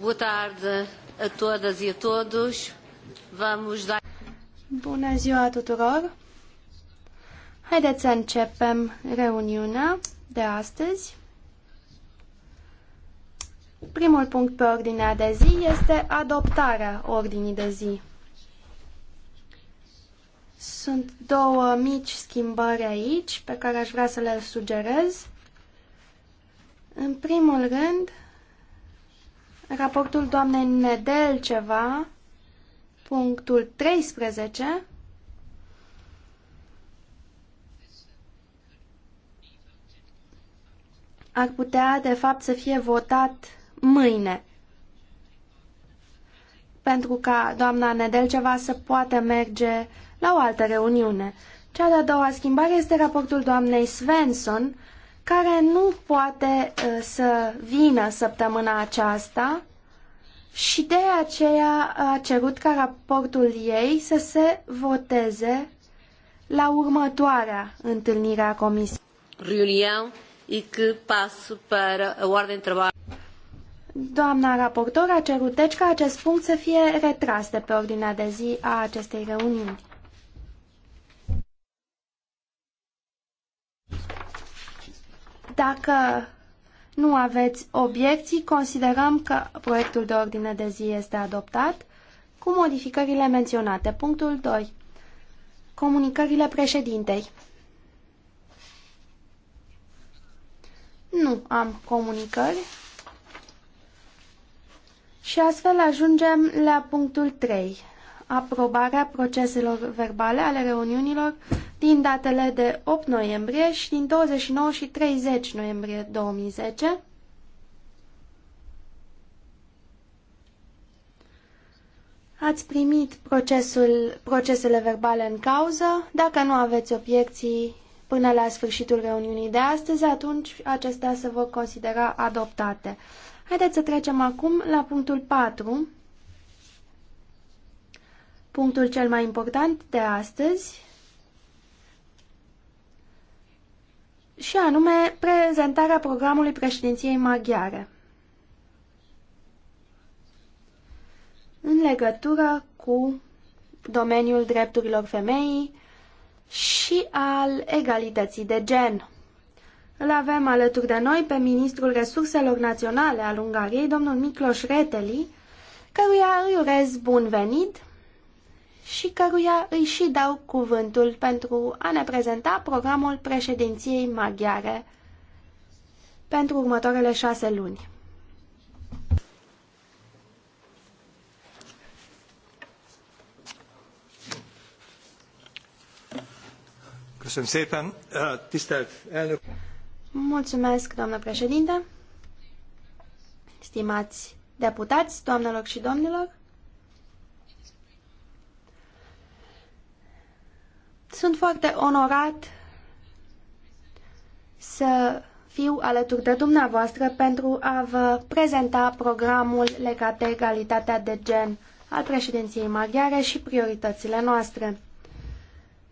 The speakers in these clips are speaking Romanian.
Boa tarde a todas e a todos. Vamos dar... Bună ziua tuturor! Haideți să începem reuniunea de astăzi. Primul punct pe ordinea de zi este adoptarea ordinii de zi. Sunt două mici schimbări aici pe care aș vrea să le sugerez. În primul rând, Raportul doamnei Nedelceva, punctul 13. ar putea, de fapt, să fie votat mâine. Pentru ca doamna Nedelceva să poată merge la o altă reuniune. Cea de-a doua schimbare este raportul doamnei Svensson, care nu poate uh, să vină săptămâna aceasta și de aceea a cerut ca raportul ei să se voteze la următoarea întâlnire a comisiei. Reunião e que passe para a ordem de trabalho. Doamna raportor a cerut deci ca acest punct să fie retras de pe ordinea de zi a acestei reuniuni. Dacă nu aveți obiecții, considerăm că proiectul de ordine de zi este adoptat cu modificările menționate. Punctul 2. Comunicările președintei. Nu am comunicări. Și astfel ajungem la punctul 3 aprobarea proceselor verbale ale reuniunilor din datele de 8 noiembrie și din 29 și 30 noiembrie 2010. Ați primit procesul, procesele verbale în cauză. Dacă nu aveți obiecții până la sfârșitul reuniunii de astăzi, atunci acestea se vor considera adoptate. Haideți să trecem acum la punctul 4, Punctul cel mai important de astăzi și anume prezentarea programului președinției maghiare în legătură cu domeniul drepturilor femeii și al egalității de gen. Îl avem alături de noi pe ministrul resurselor naționale al Ungariei, domnul Miklos Reteli, căruia îi urez bun venit și căruia îi și dau cuvântul pentru a ne prezenta programul președinției maghiare pentru următoarele șase luni. Mulțumesc, doamnă președinte, stimați deputați, doamnelor și domnilor. Sunt foarte onorat să fiu alături de dumneavoastră pentru a vă prezenta programul legat de egalitatea de gen al președinției maghiare și prioritățile noastre.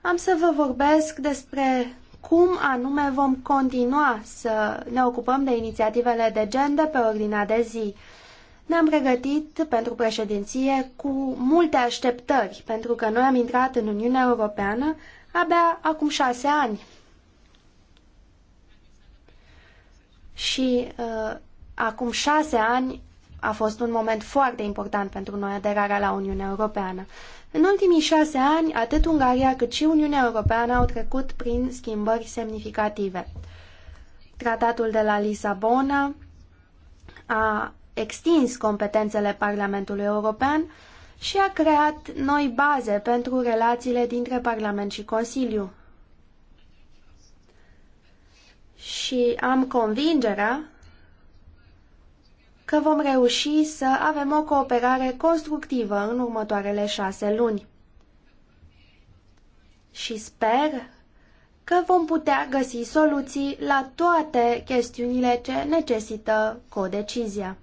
Am să vă vorbesc despre cum anume vom continua să ne ocupăm de inițiativele de gen de pe ordinea de zi ne-am pregătit pentru președinție cu multe așteptări, pentru că noi am intrat în Uniunea Europeană abia acum șase ani. Și uh, acum șase ani a fost un moment foarte important pentru noi aderarea la Uniunea Europeană. În ultimii șase ani, atât Ungaria cât și Uniunea Europeană au trecut prin schimbări semnificative. Tratatul de la Lisabona a extins competențele Parlamentului European și a creat noi baze pentru relațiile dintre Parlament și Consiliu. Și am convingerea că vom reuși să avem o cooperare constructivă în următoarele șase luni. Și sper că vom putea găsi soluții la toate chestiunile ce necesită codecizia.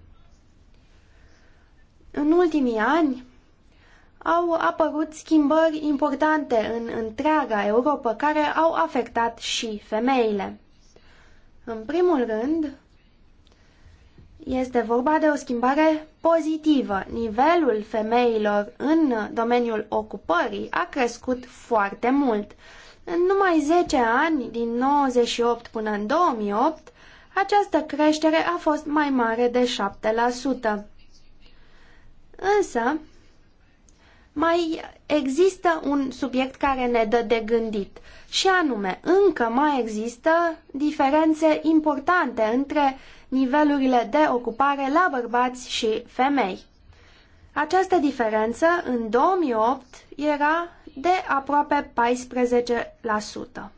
În ultimii ani au apărut schimbări importante în întreaga Europa care au afectat și femeile. În primul rând, este vorba de o schimbare pozitivă. Nivelul femeilor în domeniul ocupării a crescut foarte mult. În numai 10 ani, din 98 până în 2008, această creștere a fost mai mare de Însă, mai există un subiect care ne dă de gândit și anume, încă mai există diferențe importante între nivelurile de ocupare la bărbați și femei. Această diferență în 2008 era de aproape 14%.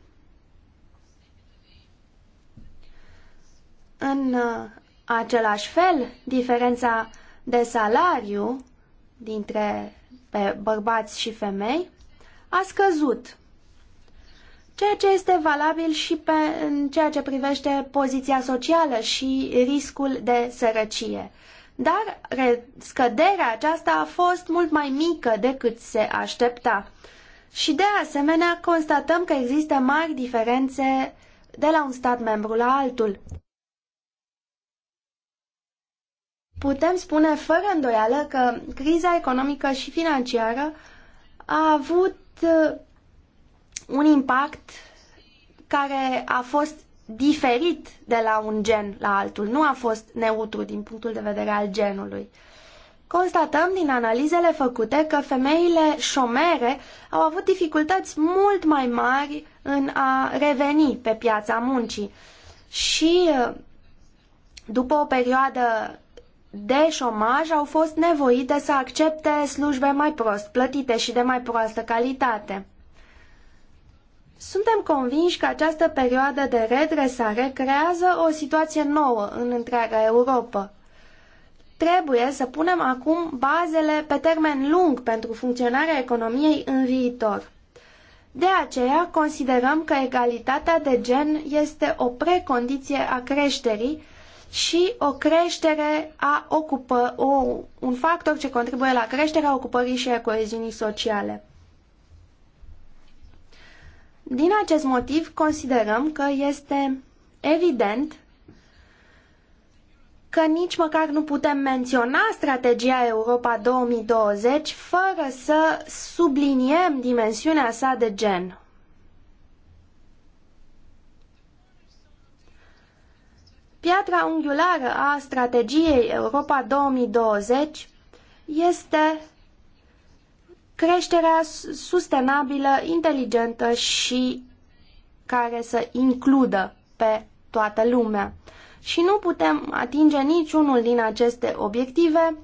În uh, același fel, diferența de salariu dintre pe bărbați și femei a scăzut. Ceea ce este valabil și pe, în ceea ce privește poziția socială și riscul de sărăcie. Dar scăderea aceasta a fost mult mai mică decât se aștepta. Și de asemenea constatăm că există mari diferențe de la un stat membru la altul. Putem spune fără îndoială că criza economică și financiară a avut uh, un impact care a fost diferit de la un gen la altul, nu a fost neutru din punctul de vedere al genului. Constatăm din analizele făcute că femeile șomere au avut dificultăți mult mai mari în a reveni pe piața muncii și uh, după o perioadă de șomaj au fost nevoite să accepte slujbe mai prost plătite și de mai proastă calitate. Suntem convinși că această perioadă de redresare creează o situație nouă în întreaga Europa. Trebuie să punem acum bazele pe termen lung pentru funcționarea economiei în viitor. De aceea, considerăm că egalitatea de gen este o precondiție a creșterii și o creștere a ocupă, o, un factor ce contribuie la creșterea ocupării și a coeziunii sociale. Din acest motiv, considerăm că este evident că nici măcar nu putem menționa strategia Europa 2020 fără să subliniem dimensiunea sa de gen. Piatra unghiulară a strategiei Europa 2020 este creșterea sustenabilă, inteligentă și care să includă pe toată lumea. Și nu putem atinge niciunul din aceste obiective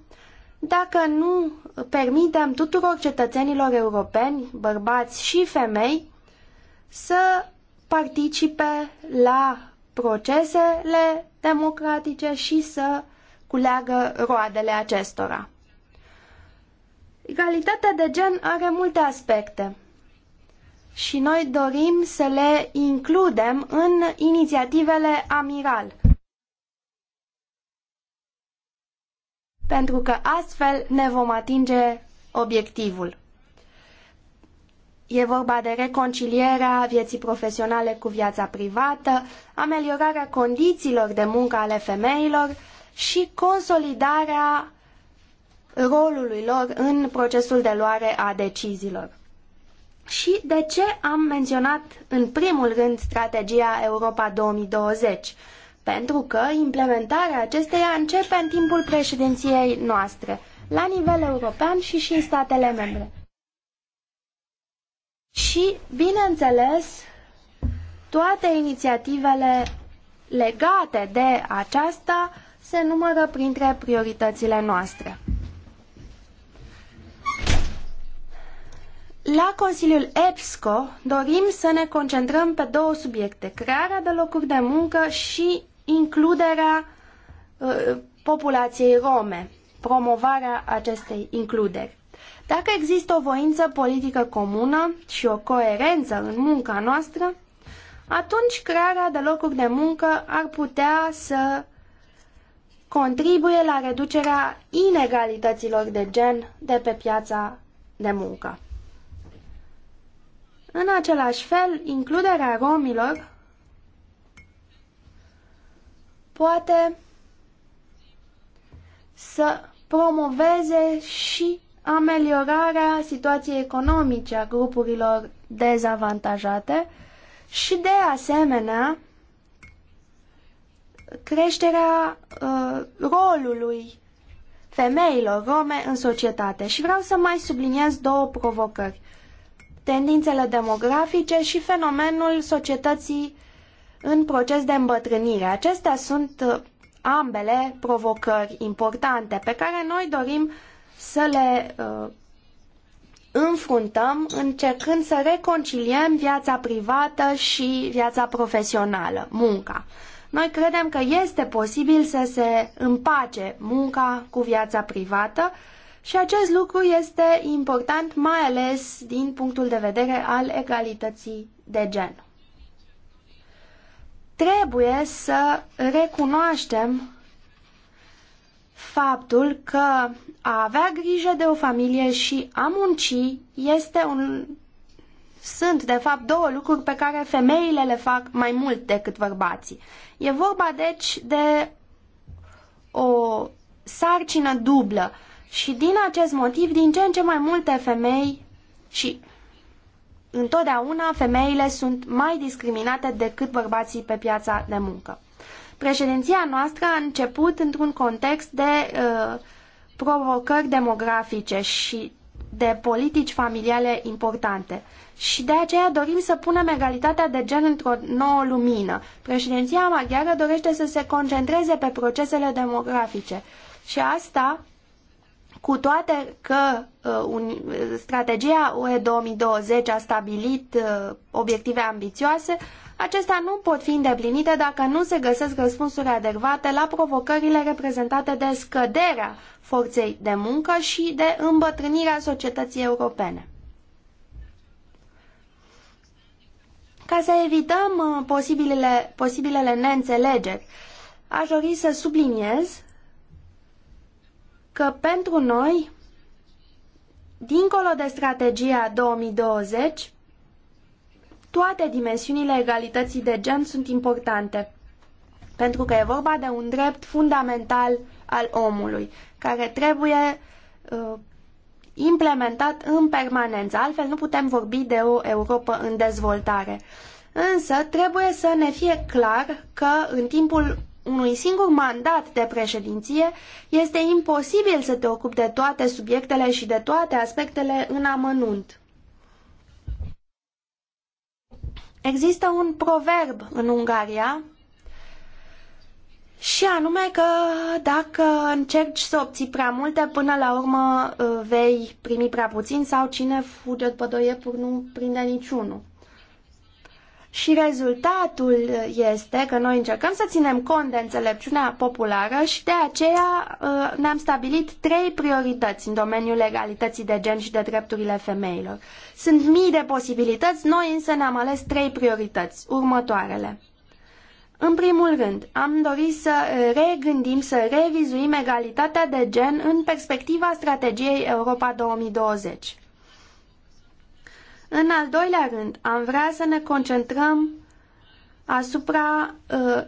dacă nu permitem tuturor cetățenilor europeni, bărbați și femei, să participe la procesele democratice și să culeagă roadele acestora. Egalitatea de gen are multe aspecte și noi dorim să le includem în inițiativele Amiral. Pentru că astfel ne vom atinge obiectivul. E vorba de reconcilierea vieții profesionale cu viața privată, ameliorarea condițiilor de muncă ale femeilor și consolidarea rolului lor în procesul de luare a deciziilor. Și de ce am menționat în primul rând strategia Europa 2020? Pentru că implementarea acesteia începe în timpul președinției noastre, la nivel european și și în statele membre. Și, bineînțeles, toate inițiativele legate de aceasta se numără printre prioritățile noastre. La Consiliul EPSCO dorim să ne concentrăm pe două subiecte, crearea de locuri de muncă și includerea uh, populației rome, promovarea acestei includeri. Dacă există o voință politică comună și o coerență în munca noastră, atunci crearea de locuri de muncă ar putea să contribuie la reducerea inegalităților de gen de pe piața de muncă. În același fel, includerea romilor poate să promoveze și ameliorarea situației economice a grupurilor dezavantajate și, de asemenea, creșterea uh, rolului femeilor rome în societate. Și vreau să mai subliniez două provocări. Tendințele demografice și fenomenul societății în proces de îmbătrânire. Acestea sunt uh, ambele provocări importante pe care noi dorim să le uh, înfruntăm încercând să reconciliem viața privată și viața profesională, munca. Noi credem că este posibil să se împace munca cu viața privată și acest lucru este important mai ales din punctul de vedere al egalității de gen. Trebuie să recunoaștem faptul că a avea grijă de o familie și a munci este un... sunt, de fapt, două lucruri pe care femeile le fac mai mult decât bărbații. E vorba, deci, de o sarcină dublă și din acest motiv, din ce în ce mai multe femei și întotdeauna femeile sunt mai discriminate decât bărbații pe piața de muncă. Președinția noastră a început într-un context de uh, provocări demografice și de politici familiale importante. Și de aceea dorim să punem egalitatea de gen într-o nouă lumină. Președinția maghiară dorește să se concentreze pe procesele demografice. Și asta, cu toate că uh, un, strategia UE 2020 a stabilit uh, obiective ambițioase, Acestea nu pot fi îndeplinite dacă nu se găsesc răspunsuri adecvate la provocările reprezentate de scăderea forței de muncă și de îmbătrânirea societății europene. Ca să evităm uh, posibilele, posibilele neînțelegeri, aș dori să subliniez că pentru noi, dincolo de strategia 2020, toate dimensiunile egalității de gen sunt importante, pentru că e vorba de un drept fundamental al omului, care trebuie uh, implementat în permanență. Altfel nu putem vorbi de o Europa în dezvoltare. Însă trebuie să ne fie clar că în timpul unui singur mandat de președinție este imposibil să te ocupi de toate subiectele și de toate aspectele în amănunt. Există un proverb în Ungaria și anume că dacă încerci să obții prea multe, până la urmă uh, vei primi prea puțin sau cine fuge după doi iepuri nu prinde niciunul. Și rezultatul este că noi încercăm să ținem cont de înțelepciunea populară și de aceea uh, ne-am stabilit trei priorități în domeniul legalității de gen și de drepturile femeilor. Sunt mii de posibilități, noi însă ne-am ales trei priorități, următoarele. În primul rând, am dorit să regândim, să revizuim egalitatea de gen în perspectiva strategiei Europa 2020. În al doilea rând, am vrea să ne concentrăm asupra uh,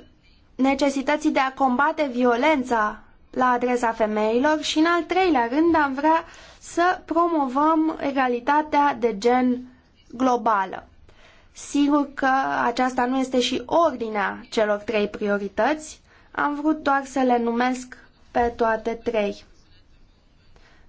necesității de a combate violența la adresa femeilor și în al treilea rând am vrea să promovăm egalitatea de gen globală. Sigur că aceasta nu este și ordinea celor trei priorități, am vrut doar să le numesc pe toate trei.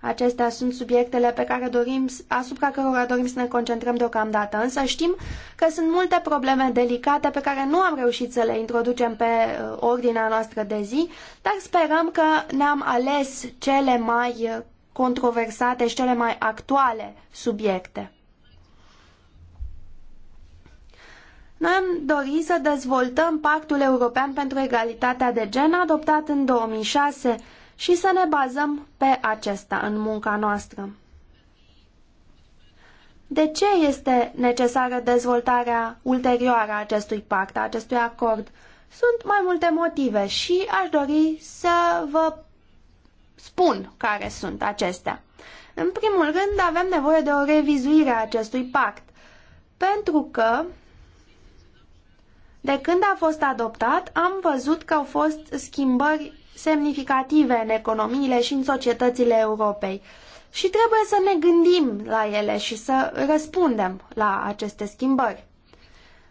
Acestea sunt subiectele pe care dorim, asupra cărora dorim să ne concentrăm deocamdată, însă știm că sunt multe probleme delicate pe care nu am reușit să le introducem pe uh, ordinea noastră de zi, dar sperăm că ne-am ales cele mai controversate și cele mai actuale subiecte. Noi am dorit să dezvoltăm Pactul European pentru Egalitatea de Gen, adoptat în 2006 și să ne bazăm pe acesta în munca noastră. De ce este necesară dezvoltarea ulterioară a acestui pact, a acestui acord? Sunt mai multe motive și aș dori să vă spun care sunt acestea. În primul rând, avem nevoie de o revizuire a acestui pact, pentru că de când a fost adoptat, am văzut că au fost schimbări semnificative în economiile și în societățile Europei. Și trebuie să ne gândim la ele și să răspundem la aceste schimbări.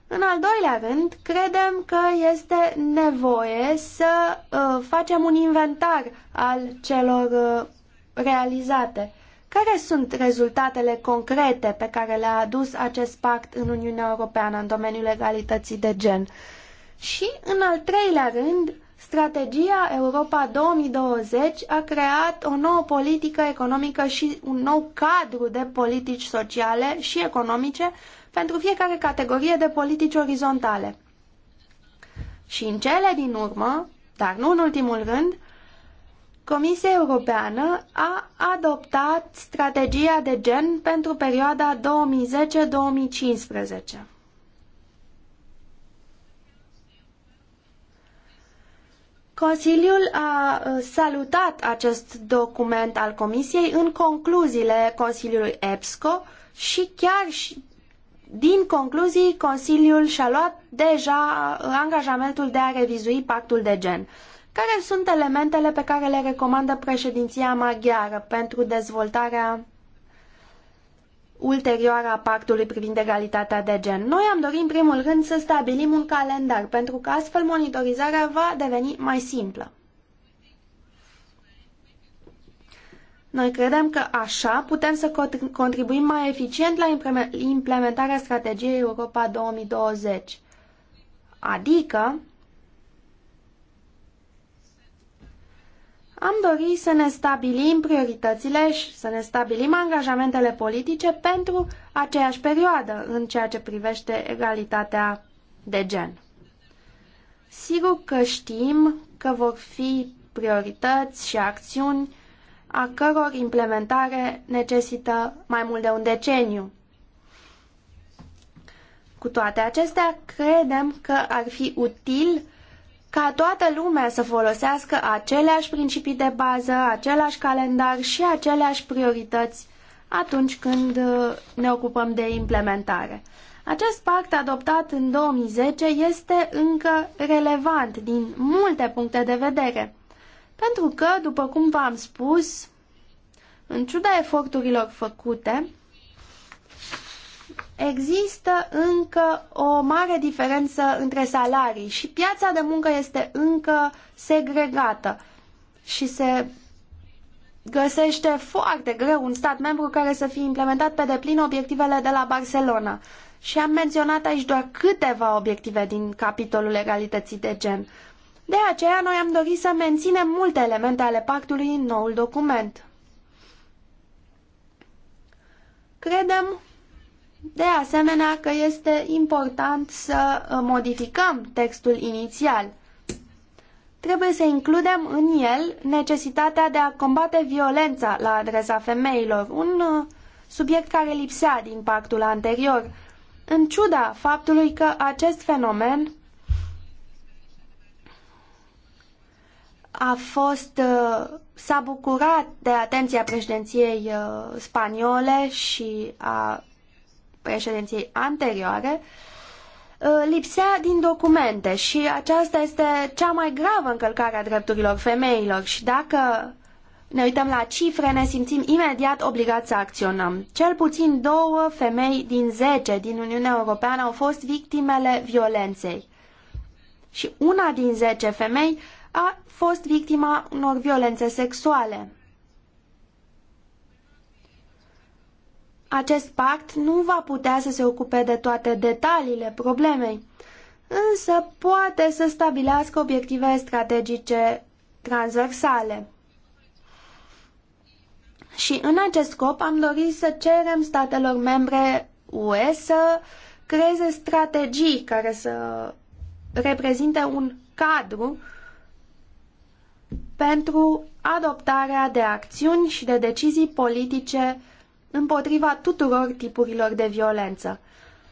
În al doilea rând, credem că este nevoie să uh, facem un inventar al celor uh, realizate. Care sunt rezultatele concrete pe care le-a adus acest pact în Uniunea Europeană în domeniul egalității de gen? Și, în al treilea rând, Strategia Europa 2020 a creat o nouă politică economică și un nou cadru de politici sociale și economice pentru fiecare categorie de politici orizontale. Și în cele din urmă, dar nu în ultimul rând, Comisia Europeană a adoptat strategia de gen pentru perioada 2010-2015. Consiliul a uh, salutat acest document al Comisiei în concluziile Consiliului EPSCO și chiar și din concluzii Consiliul și-a luat deja uh, angajamentul de a revizui pactul de gen. Care sunt elementele pe care le recomandă președinția maghiară pentru dezvoltarea ulterioară a pactului privind egalitatea de gen. Noi am dorit, în primul rând, să stabilim un calendar, pentru că astfel monitorizarea va deveni mai simplă. Noi credem că așa putem să contribuim mai eficient la implementarea strategiei Europa 2020. Adică, am dori să ne stabilim prioritățile și să ne stabilim angajamentele politice pentru aceeași perioadă în ceea ce privește egalitatea de gen. Sigur că știm că vor fi priorități și acțiuni a căror implementare necesită mai mult de un deceniu. Cu toate acestea, credem că ar fi util ca toată lumea să folosească aceleași principii de bază, același calendar și aceleași priorități atunci când uh, ne ocupăm de implementare. Acest pact adoptat în 2010 este încă relevant din multe puncte de vedere, pentru că, după cum v-am spus, în ciuda eforturilor făcute, Există încă o mare diferență între salarii și piața de muncă este încă segregată și se găsește foarte greu un stat membru care să fie implementat pe deplin obiectivele de la Barcelona. Și am menționat aici doar câteva obiective din capitolul egalității de gen. De aceea, noi am dorit să menținem multe elemente ale pactului în noul document. Credem de asemenea că este important să uh, modificăm textul inițial. Trebuie să includem în el necesitatea de a combate violența la adresa femeilor, un uh, subiect care lipsea din pactul anterior, în ciuda faptului că acest fenomen a fost uh, s-a bucurat de atenția președinției spaniole și a președinției anterioare, uh, lipsea din documente și aceasta este cea mai gravă încălcare a drepturilor femeilor și dacă ne uităm la cifre, ne simțim imediat obligați să acționăm. Cel puțin două femei din zece din Uniunea Europeană au fost victimele violenței. Și una din zece femei a fost victima unor violențe sexuale. Acest pact nu va putea să se ocupe de toate detaliile problemei, însă poate să stabilească obiective strategice transversale. Și în acest scop am dorit să cerem statelor membre UE să creeze strategii care să reprezinte un cadru pentru adoptarea de acțiuni și de decizii politice împotriva tuturor tipurilor de violență.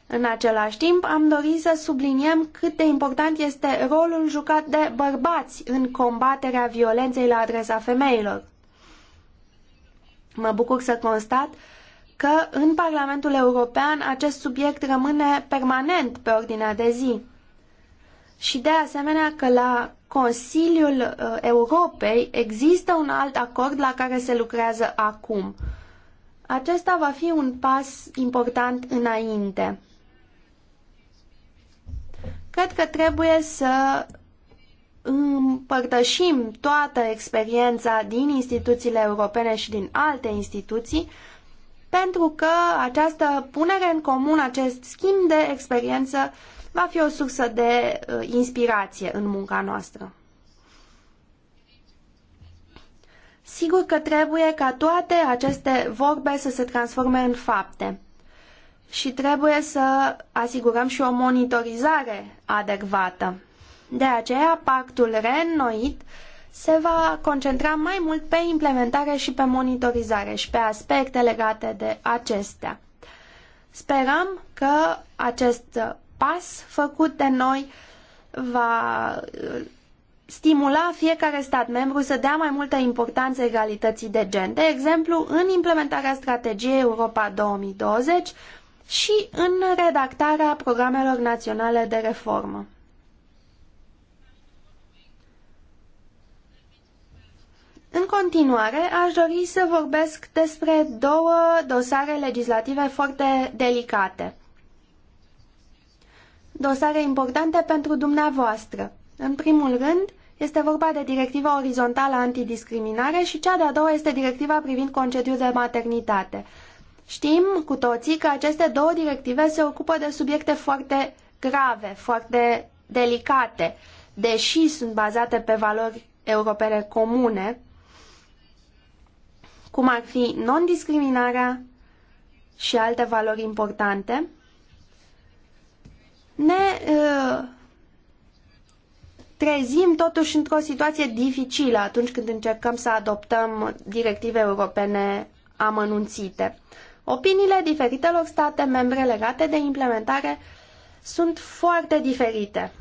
În același timp, am dorit să subliniem cât de important este rolul jucat de bărbați în combaterea violenței la adresa femeilor. Mă bucur să constat că în Parlamentul European acest subiect rămâne permanent pe ordinea de zi. Și de asemenea că la Consiliul uh, Europei există un alt acord la care se lucrează acum. Acesta va fi un pas important înainte. Cred că trebuie să împărtășim toată experiența din instituțiile europene și din alte instituții, pentru că această punere în comun, acest schimb de experiență, va fi o sursă de uh, inspirație în munca noastră. Sigur că trebuie ca toate aceste vorbe să se transforme în fapte și trebuie să asigurăm și o monitorizare adecvată. De aceea, pactul reînnoit se va concentra mai mult pe implementare și pe monitorizare și pe aspecte legate de acestea. Sperăm că acest pas făcut de noi va stimula fiecare stat membru să dea mai multă importanță egalității de gen, de exemplu în implementarea strategiei Europa 2020 și în redactarea programelor naționale de reformă. În continuare, aș dori să vorbesc despre două dosare legislative foarte delicate. Dosare importante pentru dumneavoastră. În primul rând, este vorba de directiva orizontală antidiscriminare și cea de-a doua este directiva privind concediul de maternitate. Știm cu toții că aceste două directive se ocupă de subiecte foarte grave, foarte delicate, deși sunt bazate pe valori europene comune, cum ar fi non-discriminarea și alte valori importante, ne uh, trezim totuși într-o situație dificilă atunci când încercăm să adoptăm directive europene amănunțite. Opiniile diferitelor state membre legate de implementare sunt foarte diferite.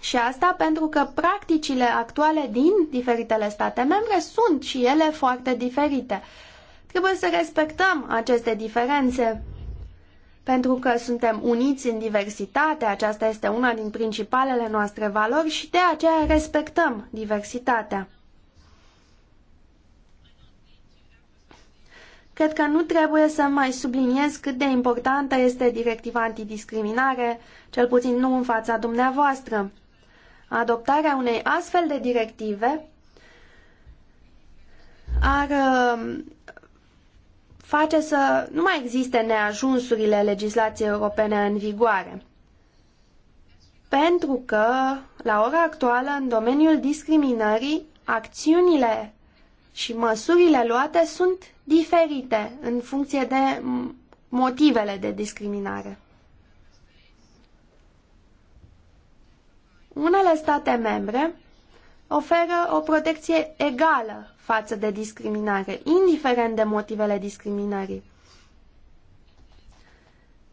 Și asta pentru că practicile actuale din diferitele state membre sunt și ele foarte diferite. Trebuie să respectăm aceste diferențe pentru că suntem uniți în diversitate, aceasta este una din principalele noastre valori și de aceea respectăm diversitatea. Cred că nu trebuie să mai subliniez cât de importantă este directiva antidiscriminare, cel puțin nu în fața dumneavoastră. Adoptarea unei astfel de directive ar face să nu mai existe neajunsurile legislației europene în vigoare. Pentru că, la ora actuală, în domeniul discriminării, acțiunile și măsurile luate sunt diferite în funcție de motivele de discriminare. Unele state membre oferă o protecție egală față de discriminare, indiferent de motivele discriminării.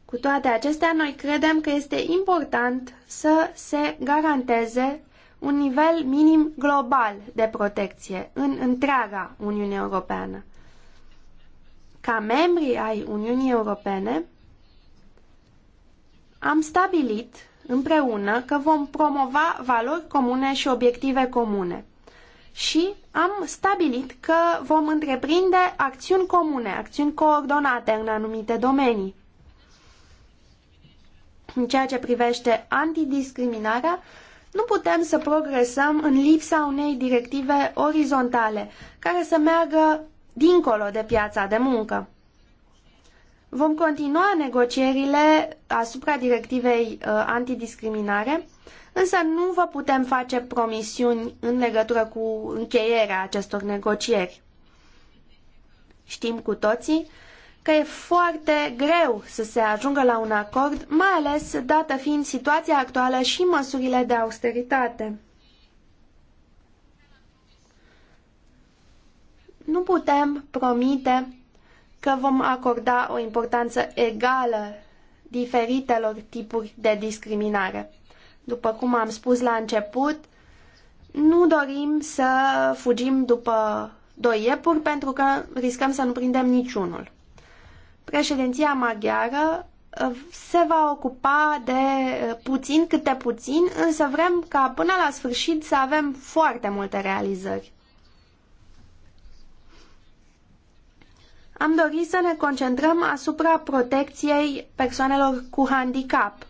Cu toate acestea, noi credem că este important să se garanteze un nivel minim global de protecție în întreaga Uniune Europeană. Ca membri ai Uniunii Europene, am stabilit împreună că vom promova valori comune și obiective comune. Și am stabilit că vom întreprinde acțiuni comune, acțiuni coordonate în anumite domenii. În ceea ce privește antidiscriminarea, nu putem să progresăm în lipsa unei directive orizontale care să meargă dincolo de piața de muncă. Vom continua negocierile asupra directivei uh, antidiscriminare însă nu vă putem face promisiuni în legătură cu încheierea acestor negocieri. Știm cu toții că e foarte greu să se ajungă la un acord, mai ales dată fiind situația actuală și măsurile de austeritate. Nu putem promite că vom acorda o importanță egală diferitelor tipuri de discriminare. După cum am spus la început, nu dorim să fugim după doi iepuri pentru că riscăm să nu prindem niciunul. Președinția maghiară uh, se va ocupa de uh, puțin câte puțin, însă vrem ca până la sfârșit să avem foarte multe realizări. Am dorit să ne concentrăm asupra protecției persoanelor cu handicap –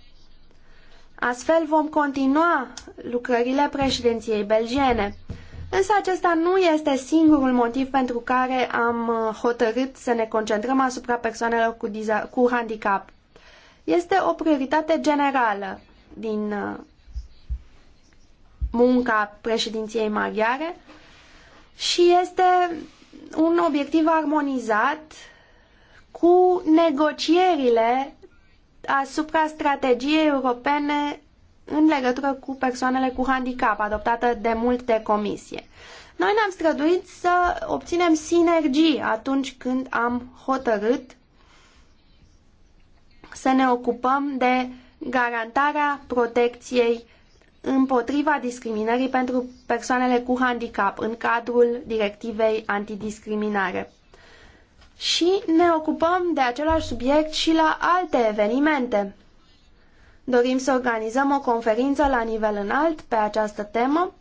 Astfel vom continua lucrările președinției belgiene. Însă acesta nu este singurul motiv pentru care am uh, hotărât să ne concentrăm asupra persoanelor cu, cu handicap. Este o prioritate generală din uh, munca președinției maghiare și este un obiectiv armonizat cu negocierile asupra strategiei europene în legătură cu persoanele cu handicap, adoptată de mult de comisie. Noi ne-am străduit să obținem sinergii atunci când am hotărât să ne ocupăm de garantarea protecției împotriva discriminării pentru persoanele cu handicap în cadrul directivei antidiscriminare și ne ocupăm de același subiect și la alte evenimente. Dorim să organizăm o conferință la nivel înalt pe această temă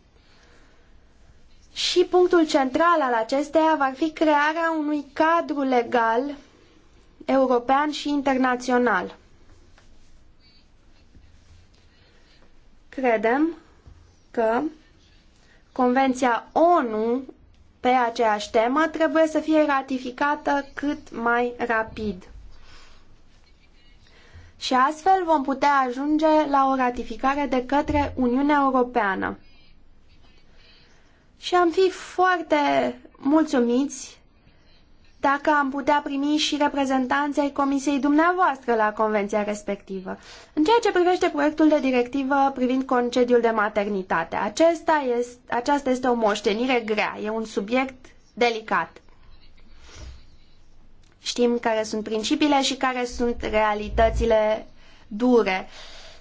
și punctul central al acesteia va fi crearea unui cadru legal european și internațional. Credem că Convenția ONU pe aceeași temă trebuie să fie ratificată cât mai rapid. Și astfel vom putea ajunge la o ratificare de către Uniunea Europeană. Și am fi foarte mulțumiți dacă am putea primi și reprezentanții ai comisiei dumneavoastră la convenția respectivă. În ceea ce privește proiectul de directivă privind concediul de maternitate, acesta este, aceasta este o moștenire grea, e un subiect delicat. Știm care sunt principiile și care sunt realitățile dure.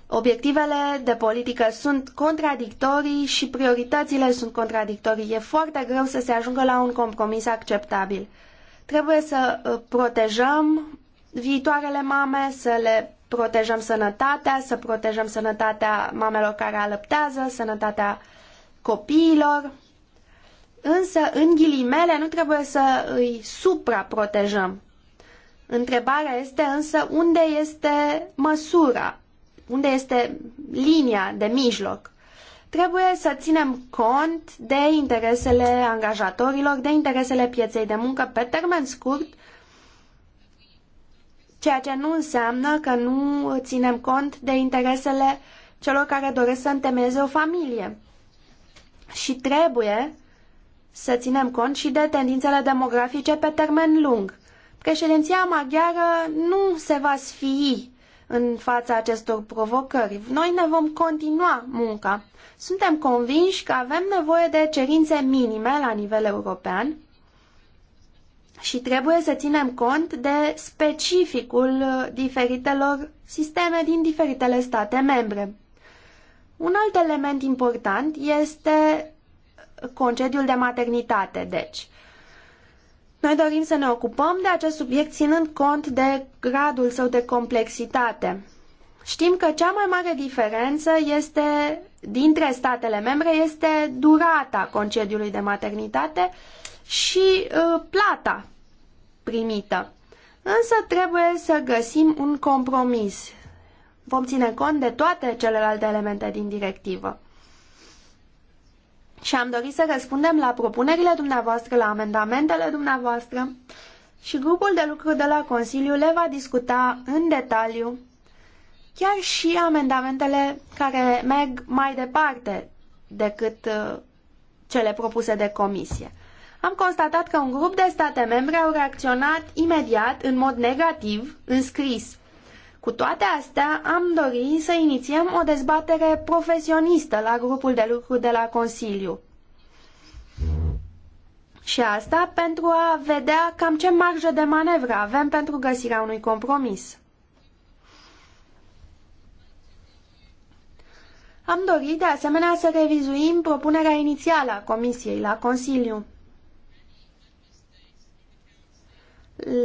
Obiectivele de politică sunt contradictorii și prioritățile sunt contradictorii. E foarte greu să se ajungă la un compromis acceptabil. Trebuie să uh, protejăm viitoarele mame, să le protejăm sănătatea, să protejăm sănătatea mamelor care alăptează, sănătatea copiilor. Însă, în ghilimele, nu trebuie să îi supraprotejăm. Întrebarea este însă unde este măsura, unde este linia de mijloc. Trebuie să ținem cont de interesele angajatorilor, de interesele pieței de muncă pe termen scurt, ceea ce nu înseamnă că nu ținem cont de interesele celor care doresc să întemeieze o familie. Și trebuie să ținem cont și de tendințele demografice pe termen lung. Președinția maghiară nu se va sfii în fața acestor provocări. Noi ne vom continua munca. Suntem convinși că avem nevoie de cerințe minime la nivel european și trebuie să ținem cont de specificul diferitelor sisteme din diferitele state membre. Un alt element important este concediul de maternitate, deci. Noi dorim să ne ocupăm de acest subiect ținând cont de gradul său de complexitate. Știm că cea mai mare diferență este, dintre statele membre este durata concediului de maternitate și uh, plata primită. Însă trebuie să găsim un compromis. Vom ține cont de toate celelalte elemente din directivă. Și am dorit să răspundem la propunerile dumneavoastră, la amendamentele dumneavoastră și grupul de lucru de la Consiliu le va discuta în detaliu chiar și amendamentele care merg mai departe decât uh, cele propuse de comisie. Am constatat că un grup de state membre au reacționat imediat în mod negativ, în scris. Cu toate astea, am dorit să inițiem o dezbatere profesionistă la grupul de lucru de la Consiliu. Și asta pentru a vedea cam ce marjă de manevră avem pentru găsirea unui compromis. Am dorit de asemenea să revizuim propunerea inițială a Comisiei la Consiliu.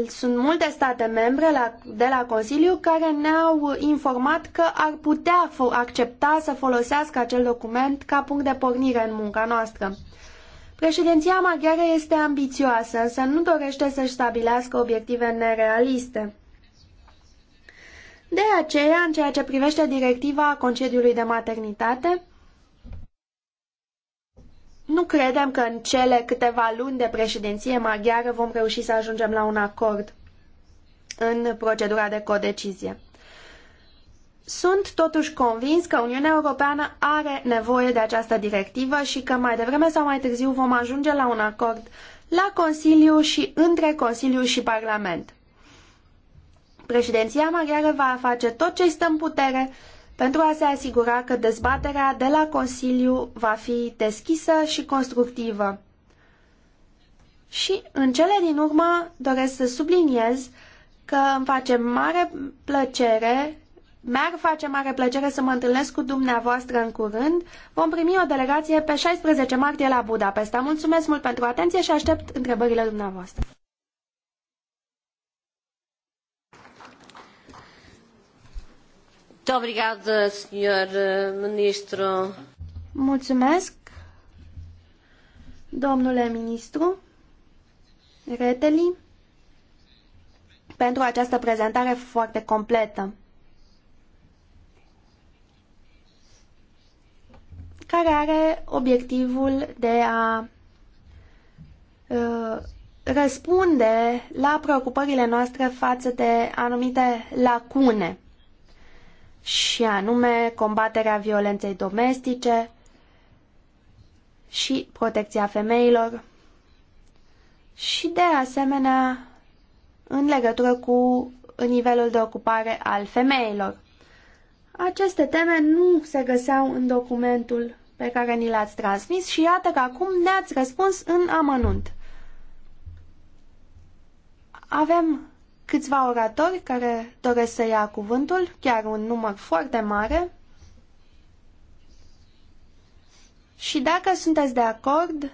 Sunt multe state membre la, de la Consiliu care ne-au informat că ar putea accepta să folosească acel document ca punct de pornire în munca noastră. Președinția maghiară este ambițioasă, însă nu dorește să-și stabilească obiective nerealiste. De aceea, în ceea ce privește directiva concediului de maternitate, nu credem că în cele câteva luni de președinție maghiară vom reuși să ajungem la un acord în procedura de codecizie. Sunt totuși convins că Uniunea Europeană are nevoie de această directivă și că mai devreme sau mai târziu vom ajunge la un acord la Consiliu și între Consiliu și Parlament. Președinția maghiară va face tot ce stă în putere pentru a se asigura că dezbaterea de la Consiliu va fi deschisă și constructivă. Și, în cele din urmă, doresc să subliniez că îmi face mare plăcere, mi-ar face mare plăcere să mă întâlnesc cu dumneavoastră în curând. Vom primi o delegație pe 16 martie la Budapesta. Mulțumesc mult pentru atenție și aștept întrebările dumneavoastră. obrigada, senhor eh, Mulțumesc, domnule ministru Reteli, pentru această prezentare foarte completă. care are obiectivul de a uh, răspunde la preocupările noastre față de anumite lacune și anume combaterea violenței domestice și protecția femeilor și de asemenea în legătură cu nivelul de ocupare al femeilor. Aceste teme nu se găseau în documentul pe care ni l-ați transmis și iată că acum ne-ați răspuns în amănunt. Avem câțiva oratori care doresc să ia cuvântul, chiar un număr foarte mare. Și dacă sunteți de acord,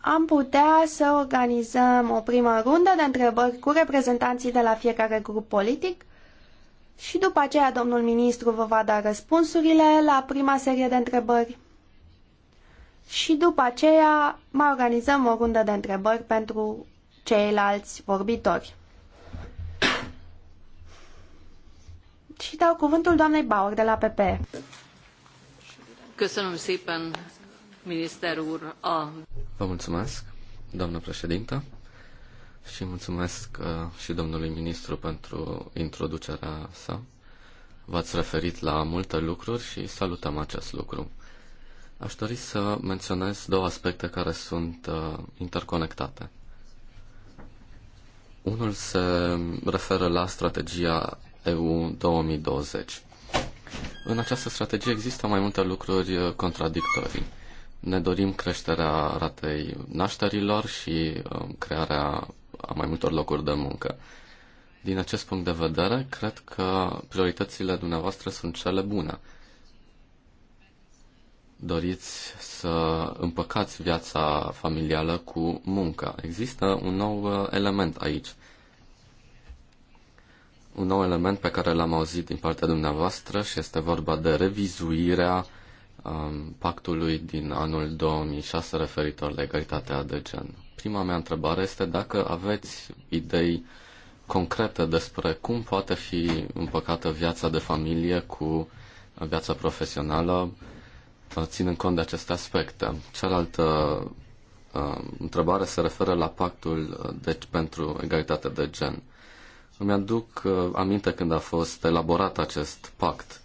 am putea să organizăm o primă rundă de întrebări cu reprezentanții de la fiecare grup politic și după aceea domnul ministru vă va da răspunsurile la prima serie de întrebări. Și după aceea mai organizăm o rundă de întrebări pentru ceilalți vorbitori. Și dau cuvântul doamnei Bauer de la PP. A... Vă mulțumesc, doamnă președintă, și mulțumesc uh, și domnului ministru pentru introducerea sa. V-ați referit la multe lucruri și salutăm acest lucru. Aș dori să menționez două aspecte care sunt uh, interconectate. Unul se referă la strategia EU 2020. În această strategie există mai multe lucruri contradictorii. Ne dorim creșterea ratei nașterilor și um, crearea a mai multor locuri de muncă. Din acest punct de vedere, cred că prioritățile dumneavoastră sunt cele bune doriți să împăcați viața familială cu munca. Există un nou uh, element aici. Un nou element pe care l-am auzit din partea dumneavoastră și este vorba de revizuirea um, pactului din anul 2006 referitor la egalitatea de gen. Prima mea întrebare este dacă aveți idei concrete despre cum poate fi împăcată viața de familie cu viața profesională, Uh, ținând cont de acest aspect. Cealaltă uh, întrebare se referă la pactul uh, de, deci, pentru egalitate de gen. Îmi aduc aminte când a fost elaborat acest pact.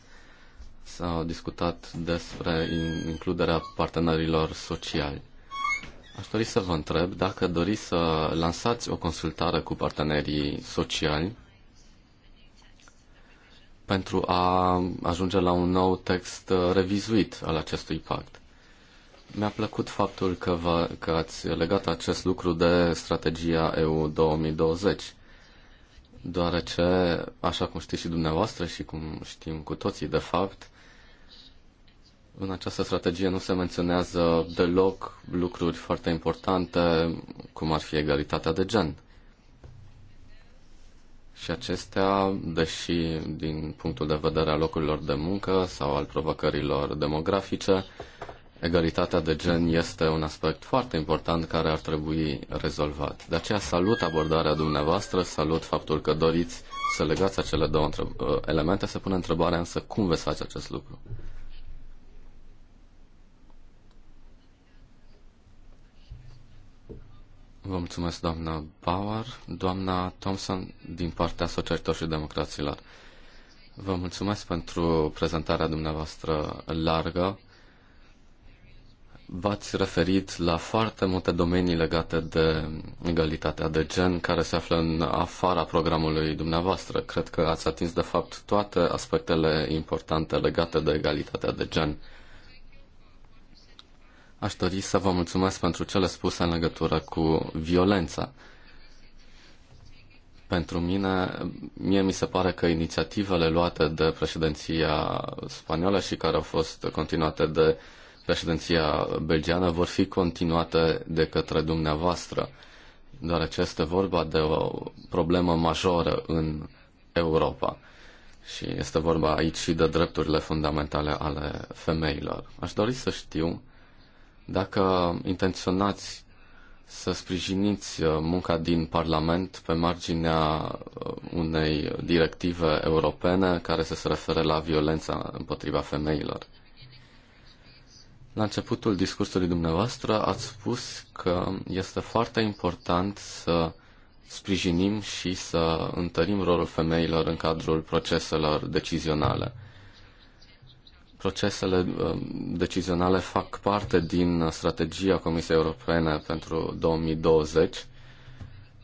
S-a discutat despre includerea partenerilor sociali. Aș dori să vă întreb dacă doriți să lansați o consultare cu partenerii sociali pentru a ajunge la un nou text uh, revizuit al acestui pact. Mi-a plăcut faptul că, vă, că ați legat acest lucru de strategia EU 2020, deoarece, așa cum știți și dumneavoastră și cum știm cu toții, de fapt, în această strategie nu se menționează deloc lucruri foarte importante, cum ar fi egalitatea de gen. Și acestea, deși din punctul de vedere al locurilor de muncă sau al provocărilor demografice, egalitatea de gen este un aspect foarte important care ar trebui rezolvat. De aceea salut abordarea dumneavoastră, salut faptul că doriți să legați acele două uh, elemente, să pună întrebarea însă cum veți face acest lucru. Vă mulțumesc, doamna Bauer. Doamna Thompson, din partea Societății și Democraților. Vă mulțumesc pentru prezentarea dumneavoastră largă. V-ați referit la foarte multe domenii legate de egalitatea de gen care se află în afara programului dumneavoastră. Cred că ați atins, de fapt, toate aspectele importante legate de egalitatea de gen. Aș dori să vă mulțumesc pentru cele spuse în legătură cu violența. Pentru mine, mie mi se pare că inițiativele luate de președinția spaniolă și care au fost continuate de președinția belgiană vor fi continuate de către dumneavoastră, deoarece este vorba de o problemă majoră în Europa. Și este vorba aici și de drepturile fundamentale ale femeilor. Aș dori să știu dacă intenționați să sprijiniți uh, munca din Parlament pe marginea uh, unei directive europene care să se refere la violența împotriva femeilor. La începutul discursului dumneavoastră ați spus că este foarte important să sprijinim și să întărim rolul femeilor în cadrul proceselor decizionale. Procesele um, decizionale fac parte din strategia Comisiei Europene pentru 2020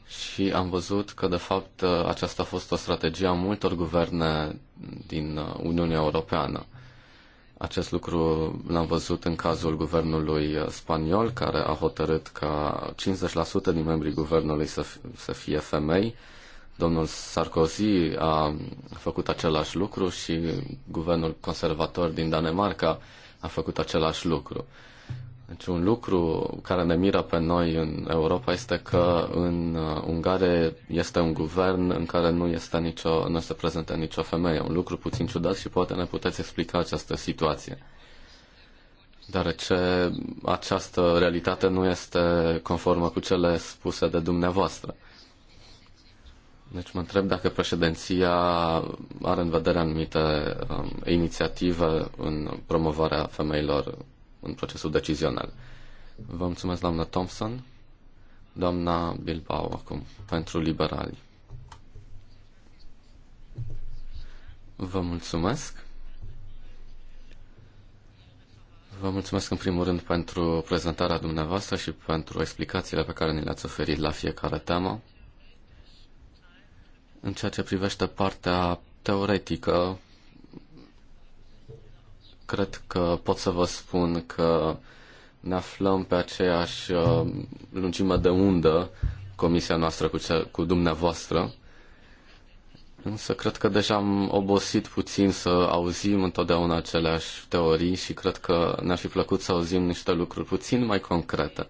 și am văzut că, de fapt, uh, aceasta a fost o strategie a multor guverne din uh, Uniunea Europeană. Acest lucru l-am văzut în cazul guvernului uh, spaniol, care a hotărât ca 50% din membrii guvernului să, să fie femei, Domnul Sarkozy a făcut același lucru și guvernul conservator din Danemarca a făcut același lucru. Deci un lucru care ne miră pe noi în Europa este că în uh, Ungaria este un guvern în care nu este, nicio, nu se prezentă nicio femeie. Un lucru puțin ciudat și poate ne puteți explica această situație. Deoarece această realitate nu este conformă cu cele spuse de dumneavoastră. Deci mă întreb dacă președinția are în vedere anumite um, inițiative în promovarea femeilor în procesul decizional. Vă mulțumesc, doamna Thompson. Doamna Bilbao, acum, pentru liberali. Vă mulțumesc. Vă mulțumesc în primul rând pentru prezentarea dumneavoastră și pentru explicațiile pe care ni le-ați oferit la fiecare temă. În ceea ce privește partea teoretică, cred că pot să vă spun că ne aflăm pe aceeași uh, lungime de undă comisia noastră cu, ce, cu dumneavoastră. Însă cred că deja am obosit puțin să auzim întotdeauna aceleași teorii și cred că ne-ar fi plăcut să auzim niște lucruri puțin mai concrete.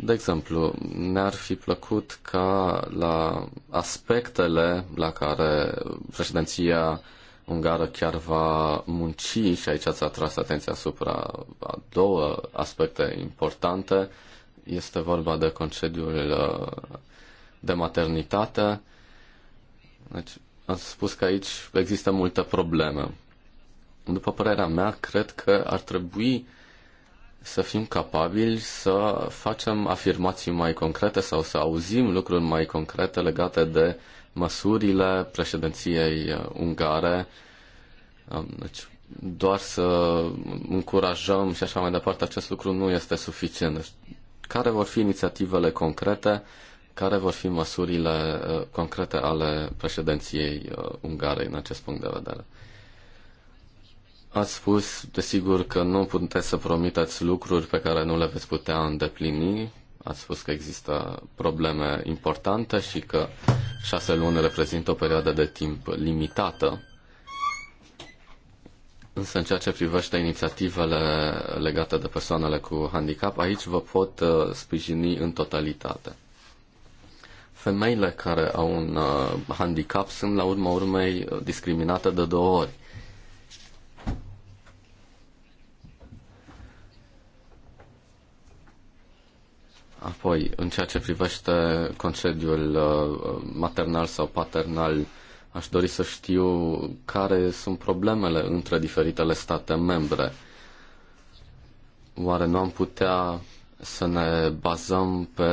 De exemplu, ne-ar fi plăcut ca la aspectele la care președinția ungară chiar va munci și aici ați atras atenția asupra a două aspecte importante. Este vorba de concediul uh, de maternitate. Deci, ați spus că aici există multe probleme. După părerea mea, cred că ar trebui uh, să fim capabili să facem afirmații mai concrete sau să auzim lucruri mai concrete legate de măsurile președinției uh, ungare. Um, deci, doar să încurajăm și așa mai departe, acest lucru nu este suficient. Deci, care vor fi inițiativele concrete? Care vor fi măsurile uh, concrete ale președinției uh, ungare în acest punct de vedere? Ați spus, desigur, că nu puteți să promiteți lucruri pe care nu le veți putea îndeplini. Ați spus că există probleme importante și că șase luni reprezintă o perioadă de timp limitată. Însă, în ceea ce privește inițiativele legate de persoanele cu handicap, aici vă pot uh, sprijini în totalitate femeile care au un uh, handicap sunt la urma urmei uh, discriminate de două ori. Apoi, în ceea ce privește concediul uh, maternal sau paternal, aș dori să știu care sunt problemele între diferitele state membre. Oare nu am putea să ne bazăm pe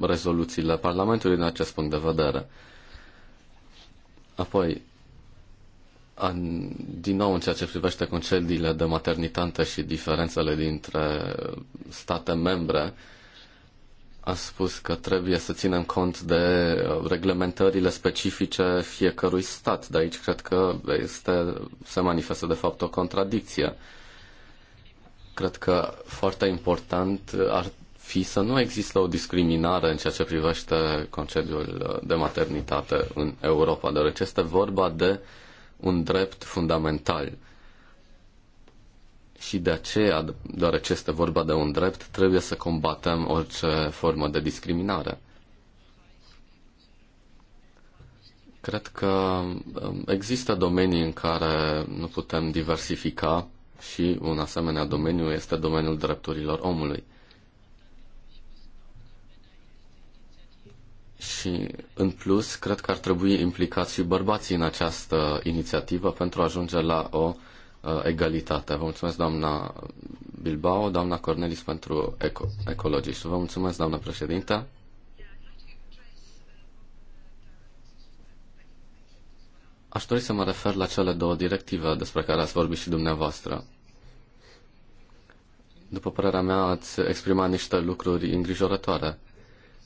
rezoluțiile Parlamentului din acest punct de vedere? Apoi, din nou în ceea ce privește concediile de maternitate și diferențele dintre state membre, uh, a spus că trebuie să ținem cont de uh, reglementările specifice fiecărui stat. De aici cred că este, se manifestă de fapt o contradicție. Cred că foarte important uh, ar fi să nu există o discriminare în ceea ce privește concediul uh, de maternitate în Europa, deoarece este vorba de un drept fundamental și de aceea, deoarece este vorba de un drept, trebuie să combatem orice formă de discriminare. Cred că um, există domenii în care nu putem diversifica și un asemenea domeniu este domeniul drepturilor omului. Și, în plus, cred că ar trebui implicați și bărbații în această inițiativă pentru a ajunge la o uh, Uh, egalitate. Vă mulțumesc, doamna Bilbao, doamna Cornelis, pentru eco- Și Vă mulțumesc, doamna președintă. Aș dori să mă refer la cele două directive despre care ați vorbit și dumneavoastră. După părerea mea, ați exprimat niște lucruri îngrijorătoare.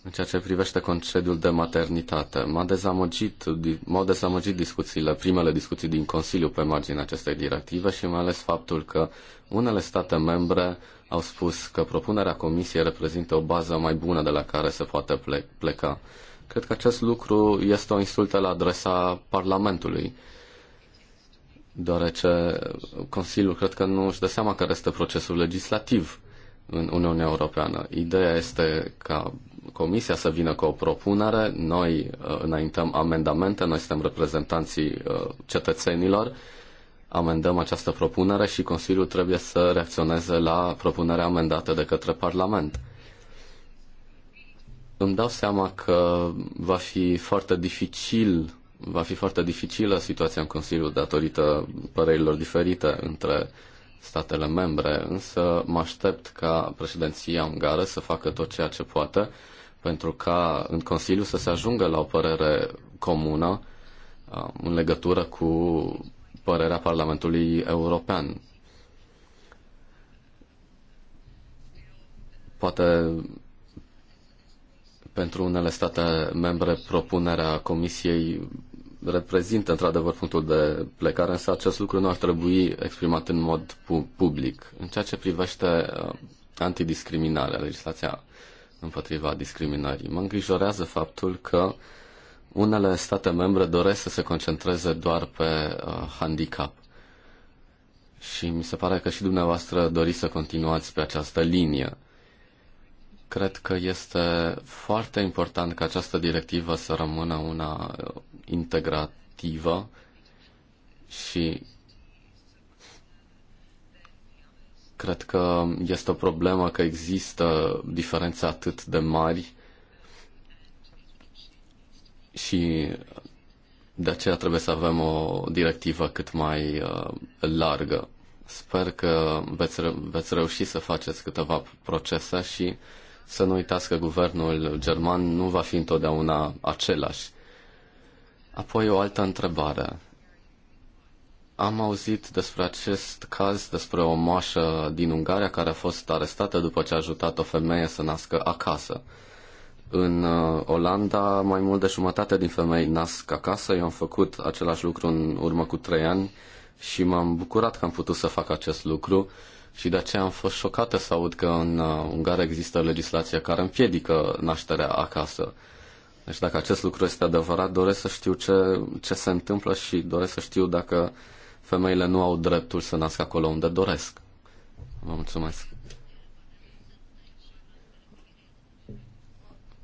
În ceea ce privește concediul de maternitate, m-a dezamăgit, m-au dezamăgit discuțiile, primele discuții din Consiliu pe marginea acestei directive și mai ales faptul că unele state membre au spus că propunerea Comisiei reprezintă o bază mai bună de la care se poate pleca. Cred că acest lucru este o insultă la adresa Parlamentului, deoarece Consiliul cred că nu își dă seama care este procesul legislativ în Uniunea Europeană. Ideea este ca Comisia să vină cu o propunere, noi uh, înaintăm amendamente, noi suntem reprezentanții uh, cetățenilor, amendăm această propunere și Consiliul trebuie să reacționeze la propunerea amendată de către Parlament. Îmi dau seama că va fi foarte dificil va fi foarte dificilă situația în Consiliu datorită părerilor diferite între statele membre, însă mă aștept ca președinția ungară să facă tot ceea ce poate pentru ca în Consiliu să se ajungă la o părere comună uh, în legătură cu părerea Parlamentului European. Poate pentru unele state membre propunerea Comisiei reprezintă într-adevăr punctul de plecare, însă acest lucru nu ar trebui exprimat în mod public. În ceea ce privește uh, antidiscriminarea, legislația împotriva discriminării. Mă îngrijorează faptul că unele state membre doresc să se concentreze doar pe uh, handicap. Și mi se pare că și dumneavoastră doriți să continuați pe această linie. Cred că este foarte important ca această directivă să rămână una uh, integrativă și Cred că este o problemă că există diferențe atât de mari și de aceea trebuie să avem o directivă cât mai uh, largă. Sper că veți, re- veți reuși să faceți câteva procese și să nu uitați că guvernul german nu va fi întotdeauna același. Apoi o altă întrebare. Am auzit despre acest caz, despre o moașă din Ungaria care a fost arestată după ce a ajutat o femeie să nască acasă. În uh, Olanda, mai mult de jumătate din femei nasc acasă. Eu am făcut același lucru în urmă cu trei ani și m-am bucurat că am putut să fac acest lucru și de aceea am fost șocată să aud că în uh, Ungaria există legislație care împiedică nașterea acasă. Deci dacă acest lucru este adevărat, doresc să știu ce, ce se întâmplă și doresc să știu dacă femeile nu au dreptul să nască acolo unde doresc. Vă mulțumesc.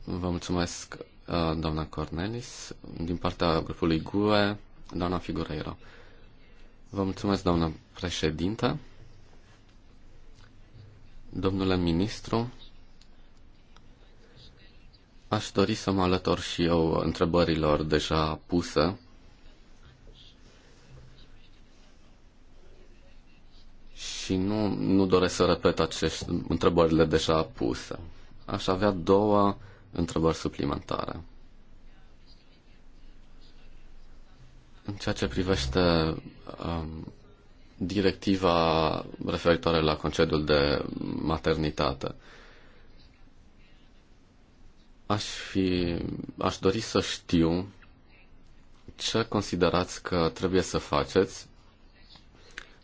Vă mulțumesc, uh, doamna Cornelis, din partea grupului GUE, doamna Figureiro. Vă mulțumesc, doamna președintă. Domnule ministru, aș dori să mă alător și eu întrebărilor deja puse și nu, nu doresc să repet acești întrebările deja puse. Aș avea două întrebări suplimentare. În ceea ce privește um, directiva referitoare la concediul de maternitate, aș, fi, aș dori să știu ce considerați că trebuie să faceți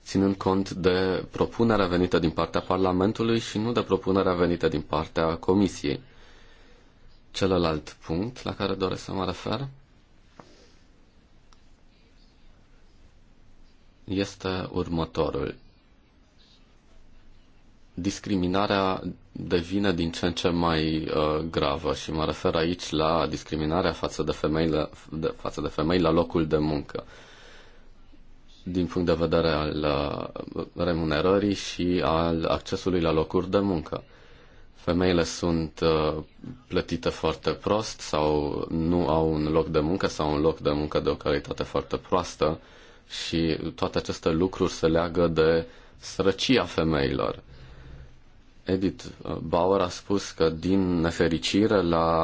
ținând cont de propunerea venită din partea Parlamentului și nu de propunerea venită din partea Comisiei. Celălalt punct la care doresc să mă refer este următorul. Discriminarea devine din ce în ce mai uh, gravă și mă refer aici la discriminarea față de, femeile, de, față de femei la locul de muncă. Uh, din punct de vedere al uh, remunerării și al accesului la locuri de muncă. Femeile sunt uh, plătite foarte prost sau nu au un loc de muncă sau un loc de muncă de o calitate foarte proastă și toate aceste lucruri se leagă de sărăcia femeilor. Edith Bauer a spus că din nefericire la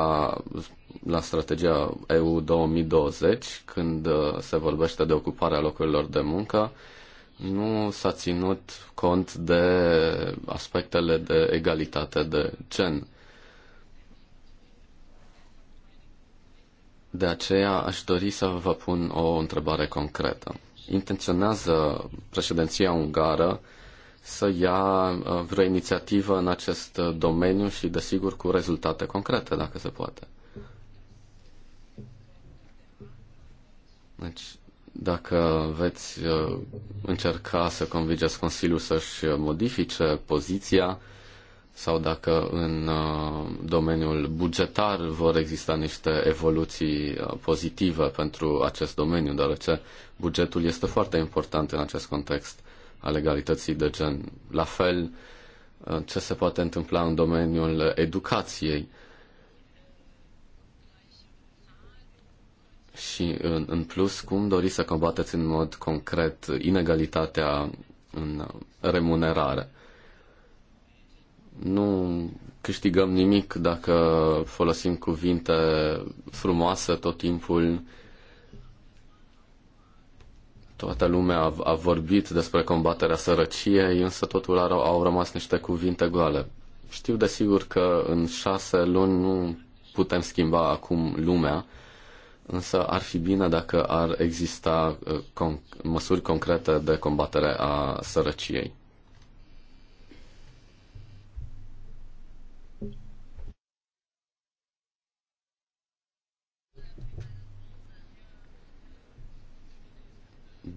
la strategia EU 2020, când uh, se vorbește de ocuparea locurilor de muncă, nu s-a ținut cont de aspectele de egalitate de gen. De aceea aș dori să vă pun o întrebare concretă. Intenționează președinția ungară să ia uh, vreo inițiativă în acest uh, domeniu și, desigur, cu rezultate concrete, dacă se poate. Deci, dacă veți uh, încerca să convingeți Consiliul să-și modifice poziția sau dacă în uh, domeniul bugetar vor exista niște evoluții uh, pozitive pentru acest domeniu, deoarece bugetul este foarte important în acest context al egalității de gen. La fel, ce se poate întâmpla în domeniul educației, Și în, în plus, cum doriți să combateți în mod concret inegalitatea în remunerare? Nu câștigăm nimic dacă folosim cuvinte frumoase tot timpul. Toată lumea a, a vorbit despre combaterea sărăciei, însă totul a au rămas niște cuvinte goale. Știu desigur că în șase luni nu putem schimba acum lumea, însă ar fi bine dacă ar exista uh, măsuri concrete de combatere a sărăciei.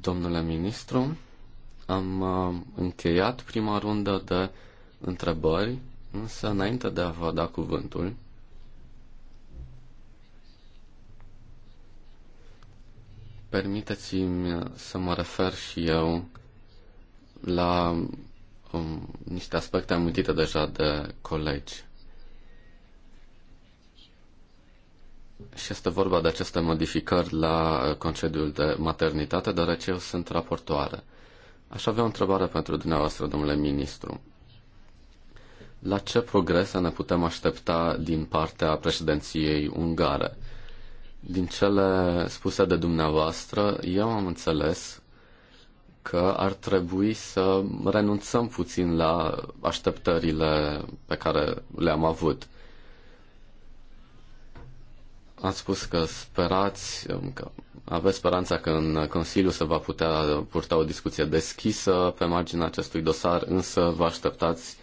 Domnule ministru, am uh, încheiat prima rundă de întrebări, însă înainte de a vă da cuvântul, Permiteți-mi să mă refer și eu la um, niște aspecte amintite deja de colegi. Și este vorba de aceste modificări la concediul de maternitate, deoarece eu sunt raportoare. Aș avea o întrebare pentru dumneavoastră, domnule ministru. La ce progrese ne putem aștepta din partea președinției ungare? Din cele spuse de dumneavoastră, eu am înțeles că ar trebui să renunțăm puțin la așteptările pe care le-am avut. Ați spus că sperați, că aveți speranța că în Consiliu se va putea purta o discuție deschisă pe marginea acestui dosar, însă vă așteptați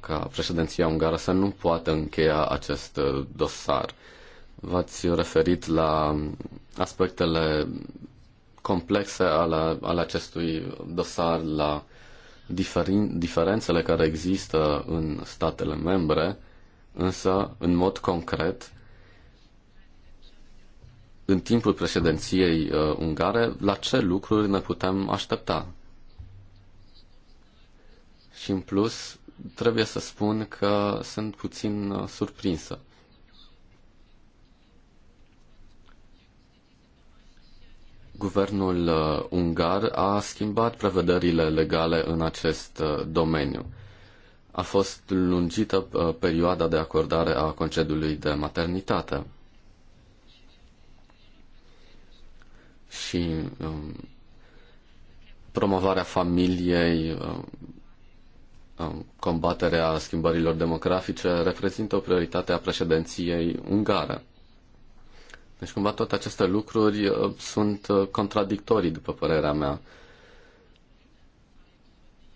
ca președinția ungară să nu poată încheia acest dosar. V-ați referit la aspectele complexe ale, ale acestui dosar, la diferin, diferențele care există în statele membre, însă, în mod concret, în timpul președinției uh, ungare, la ce lucruri ne putem aștepta? Și în plus, trebuie să spun că sunt puțin uh, surprinsă. Guvernul uh, ungar a schimbat prevederile legale în acest uh, domeniu. A fost lungită uh, perioada de acordare a concediului de maternitate. Și um, promovarea familiei, um, um, combaterea schimbărilor demografice reprezintă o prioritate a președinției ungare. Deci cumva toate aceste lucruri uh, sunt uh, contradictorii, după părerea mea.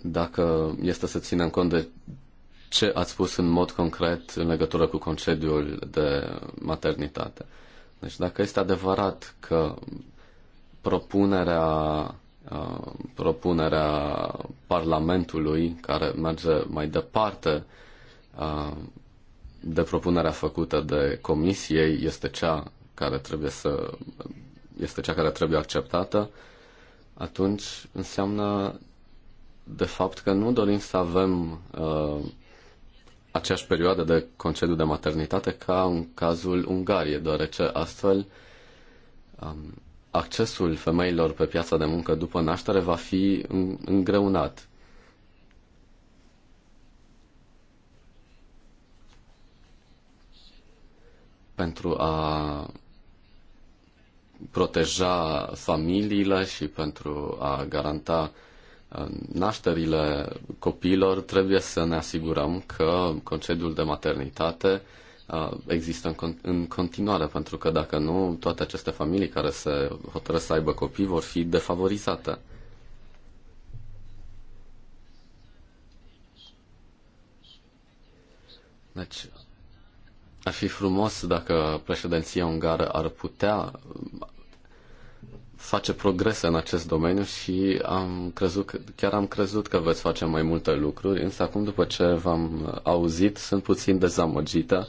Dacă este să ținem cont de ce ați spus în mod concret în legătură cu concediul de maternitate. Deci dacă este adevărat că propunerea uh, propunerea Parlamentului, care merge mai departe de propunerea făcută de Comisie, este cea care trebuie să este cea care trebuie acceptată, atunci înseamnă de fapt că nu dorim să avem uh, aceeași perioadă de concediu de maternitate ca în cazul Ungariei, deoarece astfel um, accesul femeilor pe piața de muncă după naștere va fi îngreunat. Pentru a proteja familiile și pentru a garanta uh, nașterile copiilor, trebuie să ne asigurăm că concediul de maternitate uh, există în continuare, pentru că dacă nu, toate aceste familii care se hotărăsc să aibă copii vor fi defavorizate. Deci, ar fi frumos dacă președinția ungară ar putea face progrese în acest domeniu și am crezut, chiar am crezut că veți face mai multe lucruri, însă acum după ce v-am auzit sunt puțin dezamăgită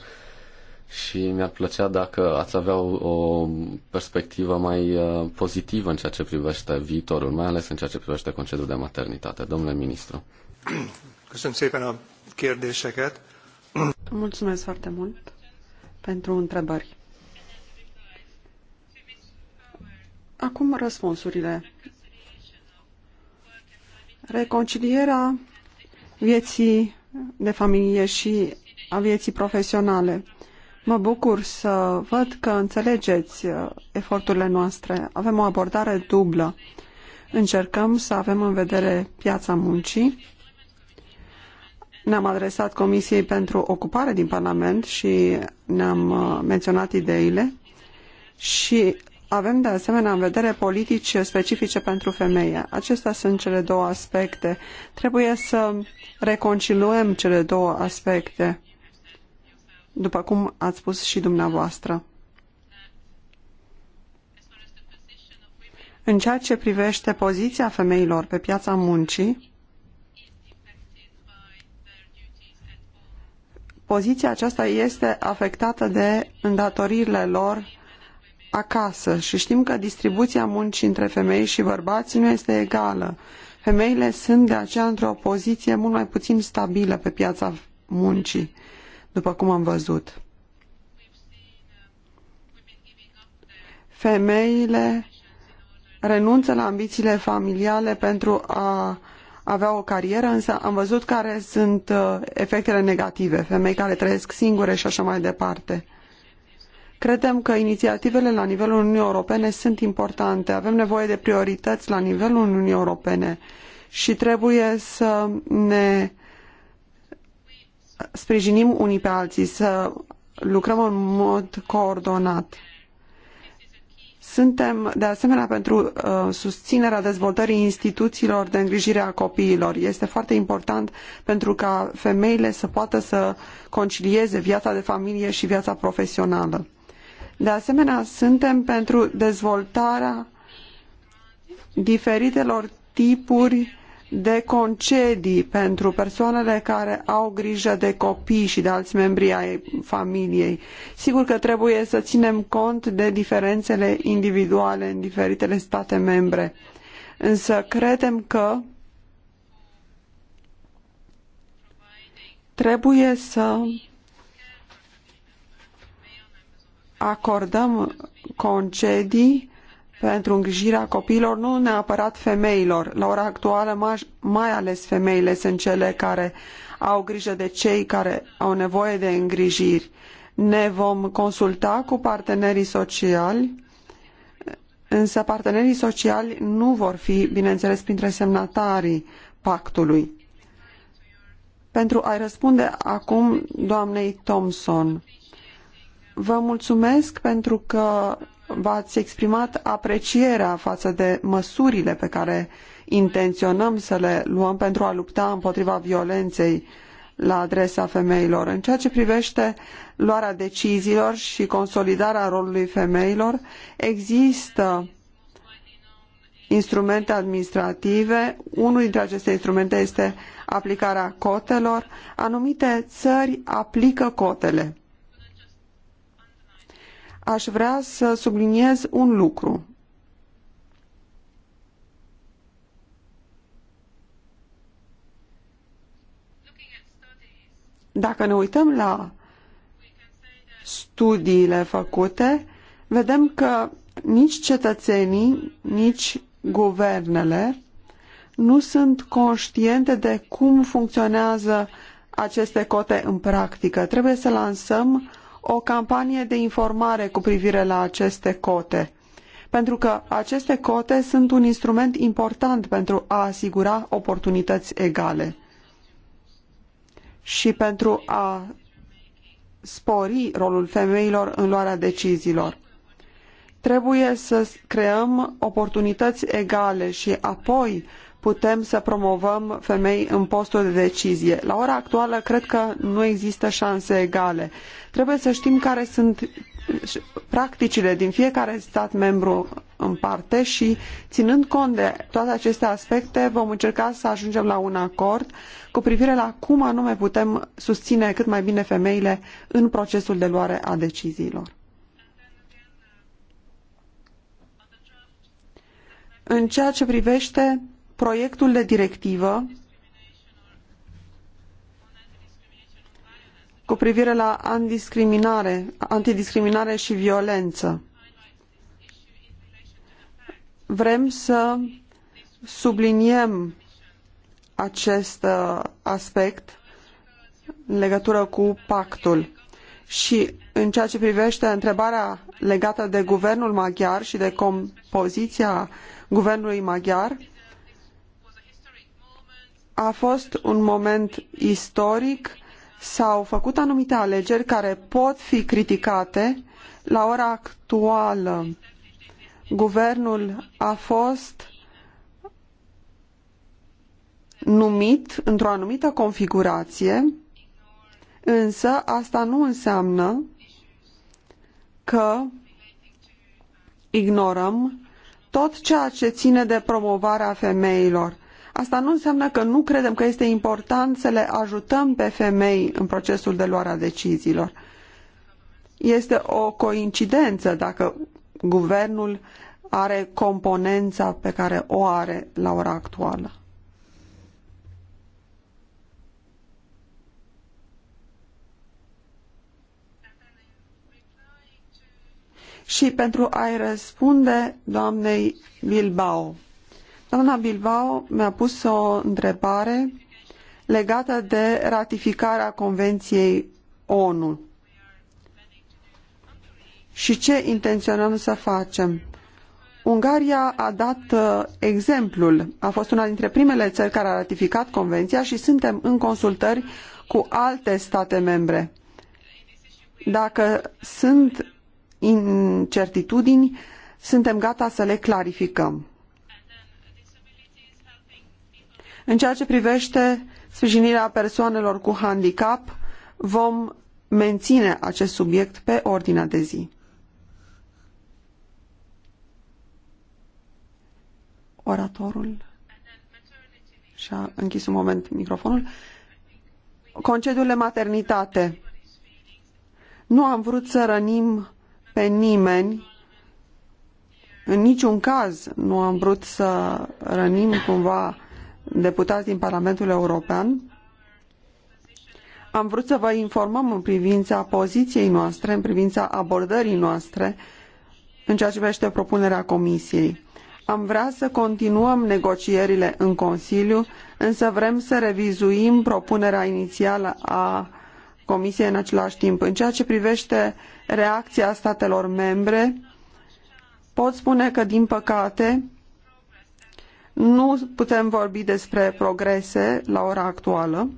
și mi-ar plăcea dacă ați avea o, perspectivă mai uh, pozitivă în ceea ce privește viitorul, mai ales în ceea ce privește concediul de maternitate. Domnule ministru. Mulțumesc foarte mult pentru întrebări. Acum răspunsurile. Reconcilierea vieții de familie și a vieții profesionale. Mă bucur să văd că înțelegeți uh, eforturile noastre. Avem o abordare dublă. Încercăm să avem în vedere piața muncii. Ne-am adresat Comisiei pentru Ocupare din Parlament și ne-am uh, menționat ideile și avem de asemenea în vedere politici specifice pentru femeie. Acestea sunt cele două aspecte. Trebuie să reconciliem cele două aspecte, după cum ați spus și dumneavoastră. În ceea ce privește poziția femeilor pe piața muncii, poziția aceasta este afectată de îndatoririle lor acasă și știm că distribuția muncii între femei și bărbați nu este egală. Femeile sunt de aceea într-o poziție mult mai puțin stabilă pe piața muncii, după cum am văzut. Femeile renunță la ambițiile familiale pentru a avea o carieră, însă am văzut care sunt uh, efectele negative, femei care trăiesc singure și așa mai departe. Credem că inițiativele la nivelul Uniunii Europene sunt importante. Avem nevoie de priorități la nivelul Uniunii Europene și trebuie să ne sprijinim unii pe alții, să lucrăm în mod coordonat. Suntem, de asemenea, pentru uh, susținerea dezvoltării instituțiilor de îngrijire a copiilor. Este foarte important pentru ca femeile să poată să concilieze viața de familie și viața profesională. De asemenea, suntem pentru dezvoltarea diferitelor tipuri de concedii pentru persoanele care au grijă de copii și de alți membri ai familiei. Sigur că trebuie să ținem cont de diferențele individuale în diferitele state membre. Însă credem că trebuie să acordăm concedii pentru îngrijirea copiilor, nu neapărat femeilor. La ora actuală, mai ales femeile sunt cele care au grijă de cei care au nevoie de îngrijiri. Ne vom consulta cu partenerii sociali, însă partenerii sociali nu vor fi, bineînțeles, printre semnatarii pactului. Pentru a-i răspunde acum doamnei Thomson, Vă mulțumesc pentru că v-ați exprimat aprecierea față de măsurile pe care intenționăm să le luăm pentru a lupta împotriva violenței la adresa femeilor. În ceea ce privește luarea deciziilor și consolidarea rolului femeilor, există instrumente administrative. Unul dintre aceste instrumente este aplicarea cotelor. Anumite țări aplică cotele aș vrea să subliniez un lucru. Dacă ne uităm la studiile făcute, vedem că nici cetățenii, nici guvernele nu sunt conștiente de cum funcționează aceste cote în practică. Trebuie să lansăm o campanie de informare cu privire la aceste cote, pentru că aceste cote sunt un instrument important pentru a asigura oportunități egale și pentru a spori rolul femeilor în luarea deciziilor. Trebuie să creăm oportunități egale și apoi putem să promovăm femei în posturi de decizie. La ora actuală, cred că nu există șanse egale. Trebuie să știm care sunt practicile din fiecare stat membru în parte și, ținând cont de toate aceste aspecte, vom încerca să ajungem la un acord cu privire la cum anume putem susține cât mai bine femeile în procesul de luare a deciziilor. În ceea ce privește proiectul de directivă cu privire la antidiscriminare, antidiscriminare și violență. Vrem să subliniem acest uh, aspect în legătură cu pactul. Și în ceea ce privește întrebarea legată de guvernul maghiar și de compoziția guvernului maghiar, a fost un moment istoric, s-au făcut anumite alegeri care pot fi criticate. La ora actuală, guvernul a fost numit într-o anumită configurație, însă asta nu înseamnă că ignorăm tot ceea ce ține de promovarea femeilor. Asta nu înseamnă că nu credem că este important să le ajutăm pe femei în procesul de luare a deciziilor. Este o coincidență dacă guvernul are componența pe care o are la ora actuală. Și pentru a-i răspunde doamnei Bilbao. Doamna Bilbao mi-a pus o întrebare legată de ratificarea Convenției ONU și ce intenționăm să facem. Ungaria a dat uh, exemplul, a fost una dintre primele țări care a ratificat convenția și suntem în consultări cu alte state membre. Dacă sunt incertitudini, suntem gata să le clarificăm. În ceea ce privește sprijinirea persoanelor cu handicap, vom menține acest subiect pe ordinea de zi. Oratorul și-a închis un moment microfonul. Concediul de maternitate. Nu am vrut să rănim pe nimeni. În niciun caz nu am vrut să rănim cumva deputați din Parlamentul European, am vrut să vă informăm în privința poziției noastre, în privința abordării noastre în ceea ce privește propunerea Comisiei. Am vrea să continuăm negocierile în Consiliu, însă vrem să revizuim propunerea inițială a Comisiei în același timp. În ceea ce privește reacția statelor membre, pot spune că, din păcate, nu putem vorbi despre progrese la ora actuală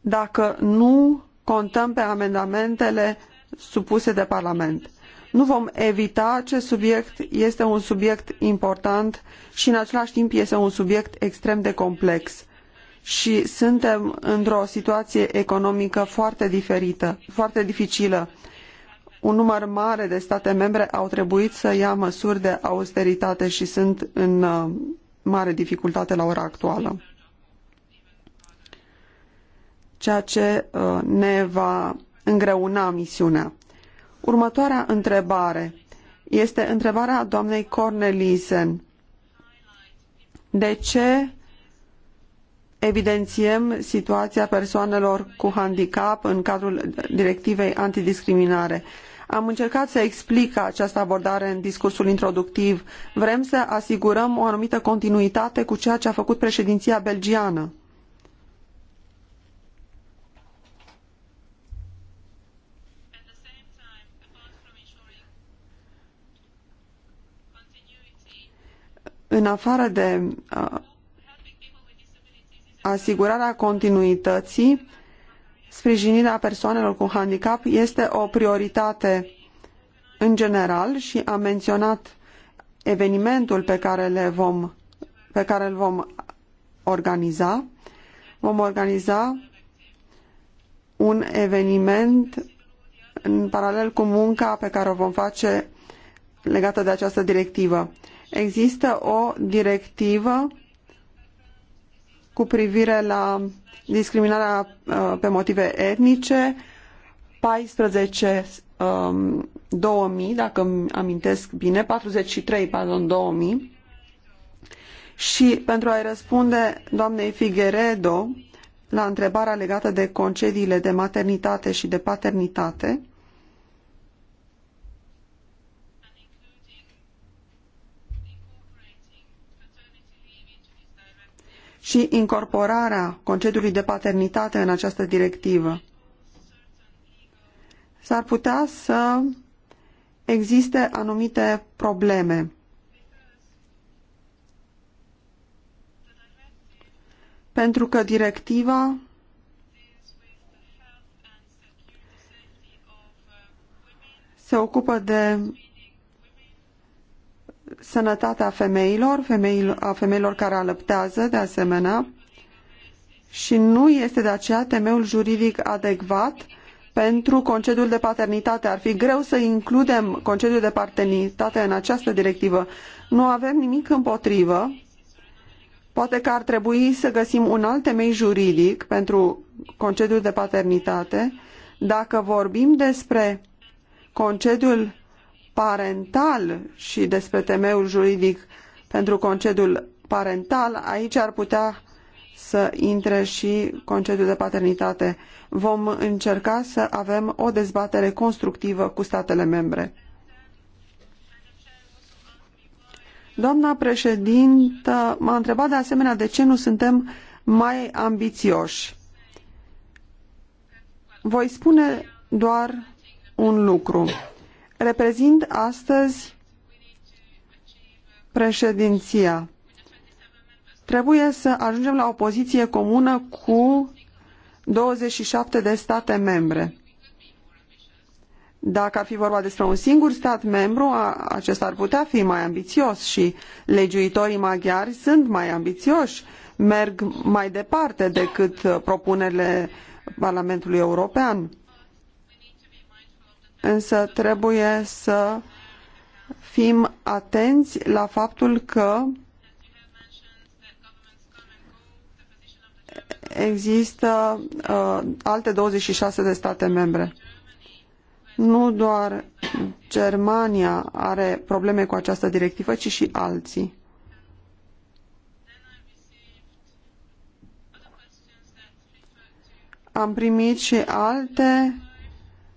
dacă nu contăm pe amendamentele supuse de Parlament. Nu vom evita acest subiect, este un subiect important și în același timp este un subiect extrem de complex. Și suntem într-o situație economică foarte diferită, foarte dificilă un număr mare de state membre au trebuit să ia măsuri de austeritate și sunt în uh, mare dificultate la ora actuală. Ceea ce uh, ne va îngreuna misiunea. Următoarea întrebare este întrebarea doamnei Cornelisen. De ce evidențiem situația persoanelor cu handicap în cadrul directivei antidiscriminare. Am încercat să explic această abordare în discursul introductiv. Vrem să asigurăm o anumită continuitate cu ceea ce a făcut președinția belgiană. În afară de uh, asigurarea continuității, sprijinirea persoanelor cu handicap este o prioritate în general și am menționat evenimentul pe care, le vom, pe care îl vom organiza. Vom organiza un eveniment în paralel cu munca pe care o vom face legată de această directivă. Există o directivă cu privire la discriminarea uh, pe motive etnice, 14 2000, um, dacă îmi amintesc bine, 43, pardon, 2000. Și pentru a-i răspunde doamnei Figueredo la întrebarea legată de concediile de maternitate și de paternitate, și incorporarea concediului de paternitate în această directivă. S-ar putea să existe anumite probleme. Pentru că directiva se ocupă de sănătatea femeilor, femeilor, a femeilor care alăptează, de asemenea, și nu este de aceea temeul juridic adecvat pentru concediul de paternitate. Ar fi greu să includem concediul de paternitate în această directivă. Nu avem nimic împotrivă. Poate că ar trebui să găsim un alt temei juridic pentru concediul de paternitate. Dacă vorbim despre concediul parental și despre temeiul juridic pentru concediul parental, aici ar putea să intre și concediul de paternitate. Vom încerca să avem o dezbatere constructivă cu statele membre. Doamna președintă m-a întrebat de asemenea de ce nu suntem mai ambițioși. Voi spune doar un lucru reprezint astăzi președinția. Trebuie să ajungem la o poziție comună cu 27 de state membre. Dacă ar fi vorba despre un singur stat membru, acesta ar putea fi mai ambițios și legiuitorii maghiari sunt mai ambițioși, merg mai departe decât uh, propunerile Parlamentului European însă trebuie să fim atenți la faptul că există uh, alte 26 de state membre. Nu doar Germania are probleme cu această directivă, ci și alții. Am primit și alte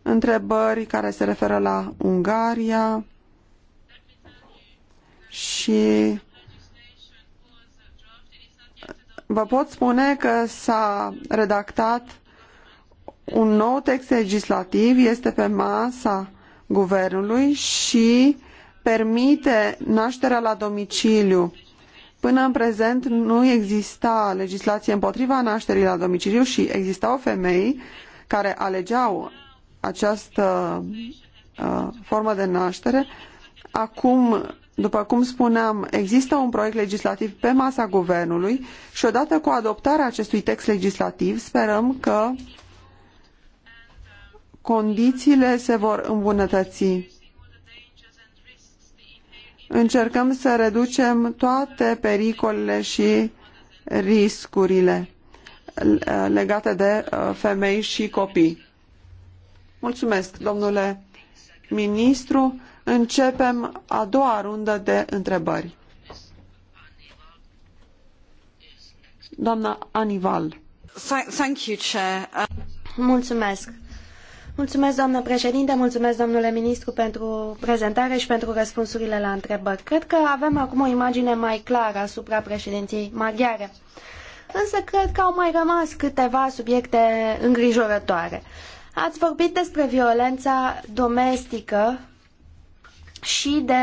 întrebări care se referă la Ungaria și vă pot spune că s-a redactat un nou text legislativ, este pe masa guvernului și permite nașterea la domiciliu. Până în prezent nu exista legislație împotriva nașterii la domiciliu și existau femei care alegeau această uh, formă de naștere. Acum, după cum spuneam, există un proiect legislativ pe masa guvernului și odată cu adoptarea acestui text legislativ sperăm că condițiile se vor îmbunătăți. Încercăm să reducem toate pericolele și riscurile uh, legate de uh, femei și copii. Mulțumesc, domnule ministru. Începem a doua rundă de întrebări. Doamna Anival. Thank you, Chair. Uh, mulțumesc. Mulțumesc, doamnă președinte, mulțumesc, domnule ministru, pentru prezentare și pentru răspunsurile la întrebări. Cred că avem acum o imagine mai clară asupra președinției maghiare. Însă cred că au mai rămas câteva subiecte îngrijorătoare. Ați vorbit despre violența domestică și de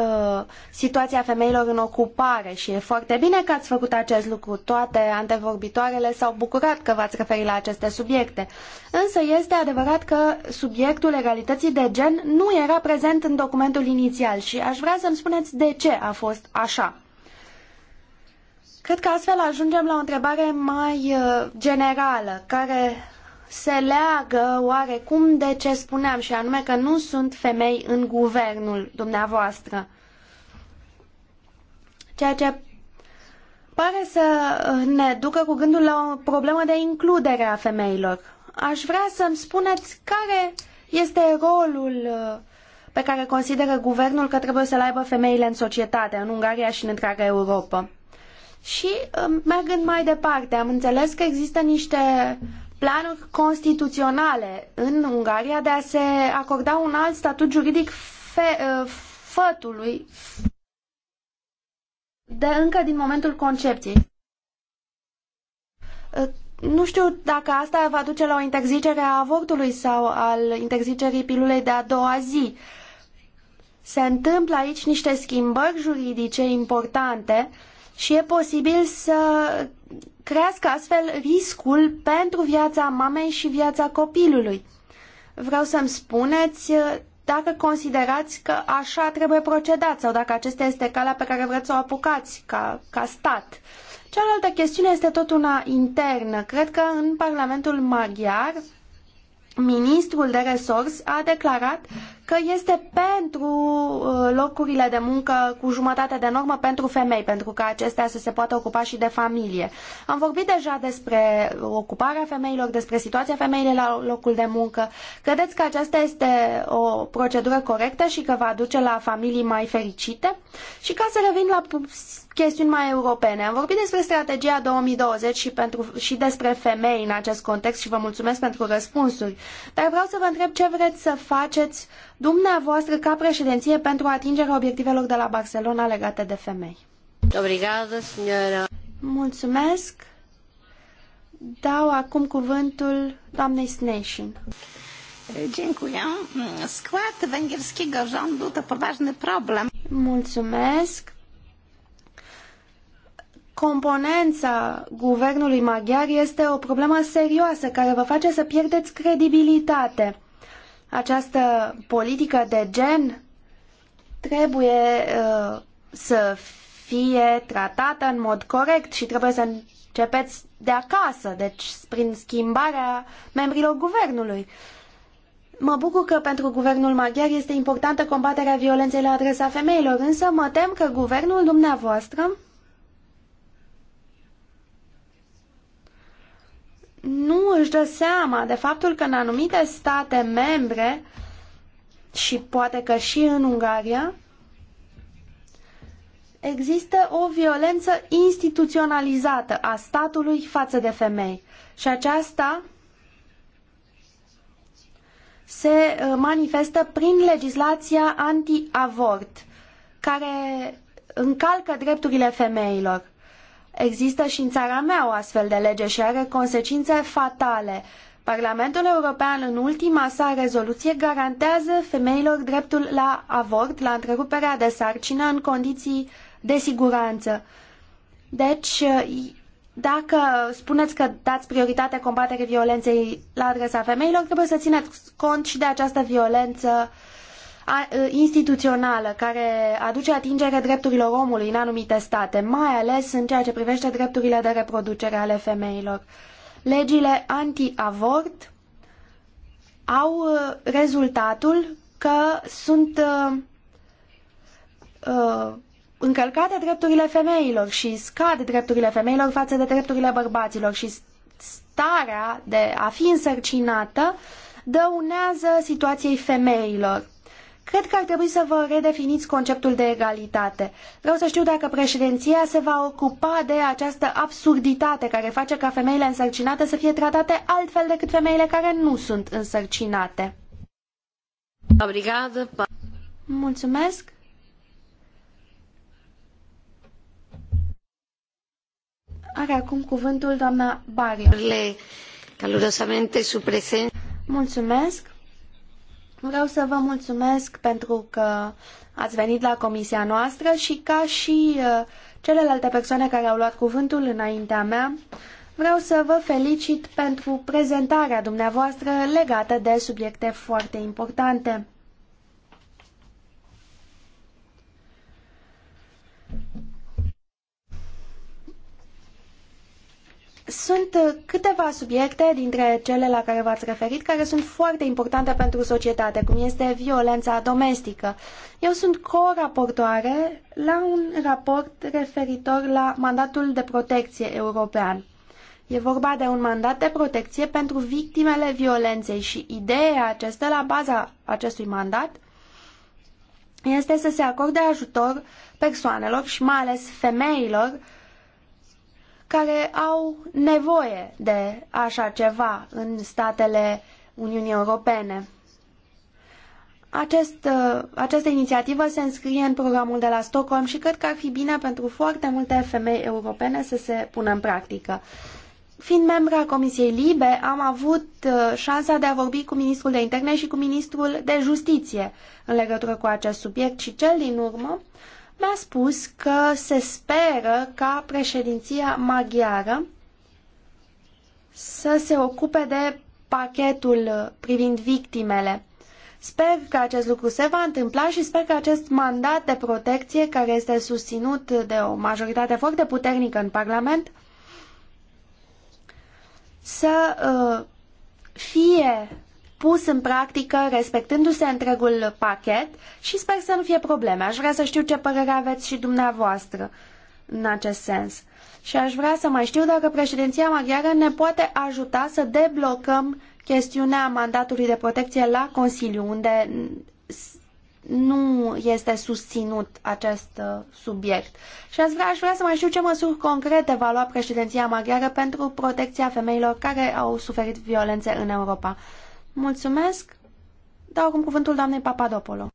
uh, situația femeilor în ocupare și e foarte bine că ați făcut acest lucru. Toate antevorbitoarele s-au bucurat că v-ați referit la aceste subiecte. Însă este adevărat că subiectul egalității de gen nu era prezent în documentul inițial și aș vrea să-mi spuneți de ce a fost așa. Cred că astfel ajungem la o întrebare mai uh, generală, care se leagă oarecum de ce spuneam și anume că nu sunt femei în guvernul dumneavoastră. Ceea ce pare să ne ducă cu gândul la o problemă de includere a femeilor. Aș vrea să-mi spuneți care este rolul uh, pe care consideră guvernul că trebuie să-l aibă femeile în societate, în Ungaria și în întreaga Europa. Și uh, mergând mai departe, am înțeles că există niște planuri constituționale în Ungaria de a se acorda un alt statut juridic fe, uh, fătului de încă din momentul concepției. Uh, nu știu dacă asta va duce la o interzicere a avortului sau al interzicerii pilulei de a doua zi. Se întâmplă aici niște schimbări juridice importante uh, și e posibil să crească astfel riscul pentru viața mamei și viața copilului. Vreau să-mi spuneți uh, dacă considerați că așa trebuie procedat sau dacă acesta este calea pe care vreți să o apucați ca, ca stat. Cealaltă chestiune este tot una internă. Cred că în Parlamentul Maghiar ministrul de resurs a declarat că este pentru uh, locurile de muncă cu jumătate de normă pentru femei, pentru ca acestea să se poată ocupa și de familie. Am vorbit deja despre ocuparea femeilor, despre situația femeilor la locul de muncă. Credeți că aceasta este o procedură corectă și că va duce la familii mai fericite? Și ca să revin la chestiuni mai europene. Am vorbit despre strategia 2020 și, pentru, și despre femei în acest context și vă mulțumesc pentru răspunsuri. Dar vreau să vă întreb ce vreți să faceți dumneavoastră ca președinție pentru atingerea obiectivelor de la Barcelona legate de femei. Obrigada, signora. Mulțumesc. Dau acum cuvântul doamnei Sneșin. Dziękuję. Skład węgierskiego rządu to poważny problem. Mulțumesc componența guvernului maghiar este o problemă serioasă care vă face să pierdeți credibilitate. Această politică de gen trebuie uh, să fie tratată în mod corect și trebuie să începeți de acasă, deci prin schimbarea membrilor guvernului. Mă bucur că pentru guvernul maghiar este importantă combaterea violenței la adresa femeilor, însă mă tem că guvernul dumneavoastră nu își dă seama de faptul că în anumite state membre și poate că și în Ungaria există o violență instituționalizată a statului față de femei și aceasta se uh, manifestă prin legislația anti-avort care încalcă drepturile femeilor. Există și în țara mea o astfel de lege și are consecințe fatale. Parlamentul European, în ultima sa rezoluție, garantează femeilor dreptul la avort, la întreruperea de sarcină, în condiții de siguranță. Deci, dacă spuneți că dați prioritate combaterii violenței la adresa femeilor, trebuie să țineți cont și de această violență uh, instituțională care aduce atingere drepturilor omului în anumite state, mai ales în ceea ce privește drepturile de reproducere ale femeilor. Legile anti-avort au rezultatul că sunt uh, încălcate drepturile femeilor și scad drepturile femeilor față de drepturile bărbaților și starea de a fi însărcinată dăunează situației femeilor. Cred că ar trebui să vă redefiniți conceptul de egalitate. Vreau să știu dacă președinția se va ocupa de această absurditate care face ca femeile însărcinate să fie tratate altfel decât femeile care nu sunt însărcinate. Obrigada. Mulțumesc. Are acum cuvântul doamna Bario. Calurosamente su Mulțumesc. Vreau să vă mulțumesc pentru că ați venit la comisia noastră și ca și uh, celelalte persoane care au luat cuvântul înaintea mea, vreau să vă felicit pentru prezentarea dumneavoastră legată de subiecte foarte importante. Sunt uh, câteva subiecte dintre cele la care v-ați referit care sunt foarte importante pentru societate, cum este violența domestică. Eu sunt co-raportoare la un raport referitor la mandatul de protecție european. E vorba de un mandat de protecție pentru victimele violenței și ideea acestă la baza acestui mandat este să se acorde ajutor persoanelor și mai ales femeilor care au nevoie de așa ceva în statele Uniunii Europene. Acest, uh, această inițiativă se înscrie în programul de la Stockholm și cred că ar fi bine pentru foarte multe femei europene să se pună în practică. Fiind membră a Comisiei Libe, am avut uh, șansa de a vorbi cu ministrul de interne și cu ministrul de justiție în legătură cu acest subiect și cel din urmă mi-a spus că se speră ca președinția maghiară să se ocupe de pachetul privind victimele. Sper că acest lucru se va întâmpla și sper că acest mandat de protecție, care este susținut de o majoritate foarte puternică în Parlament, să uh, fie pus în practică respectându-se întregul pachet și sper să nu fie probleme. Aș vrea să știu ce părere aveți și dumneavoastră în acest sens. Și aș vrea să mai știu dacă președinția maghiară ne poate ajuta să deblocăm chestiunea mandatului de protecție la Consiliu, unde nu este susținut acest uh, subiect. Și aș vrea, aș vrea să mai știu ce măsuri concrete va lua președinția maghiară pentru protecția femeilor care au suferit violențe în Europa. Mulțumesc. Dau acum cuvântul doamnei Papadopolo.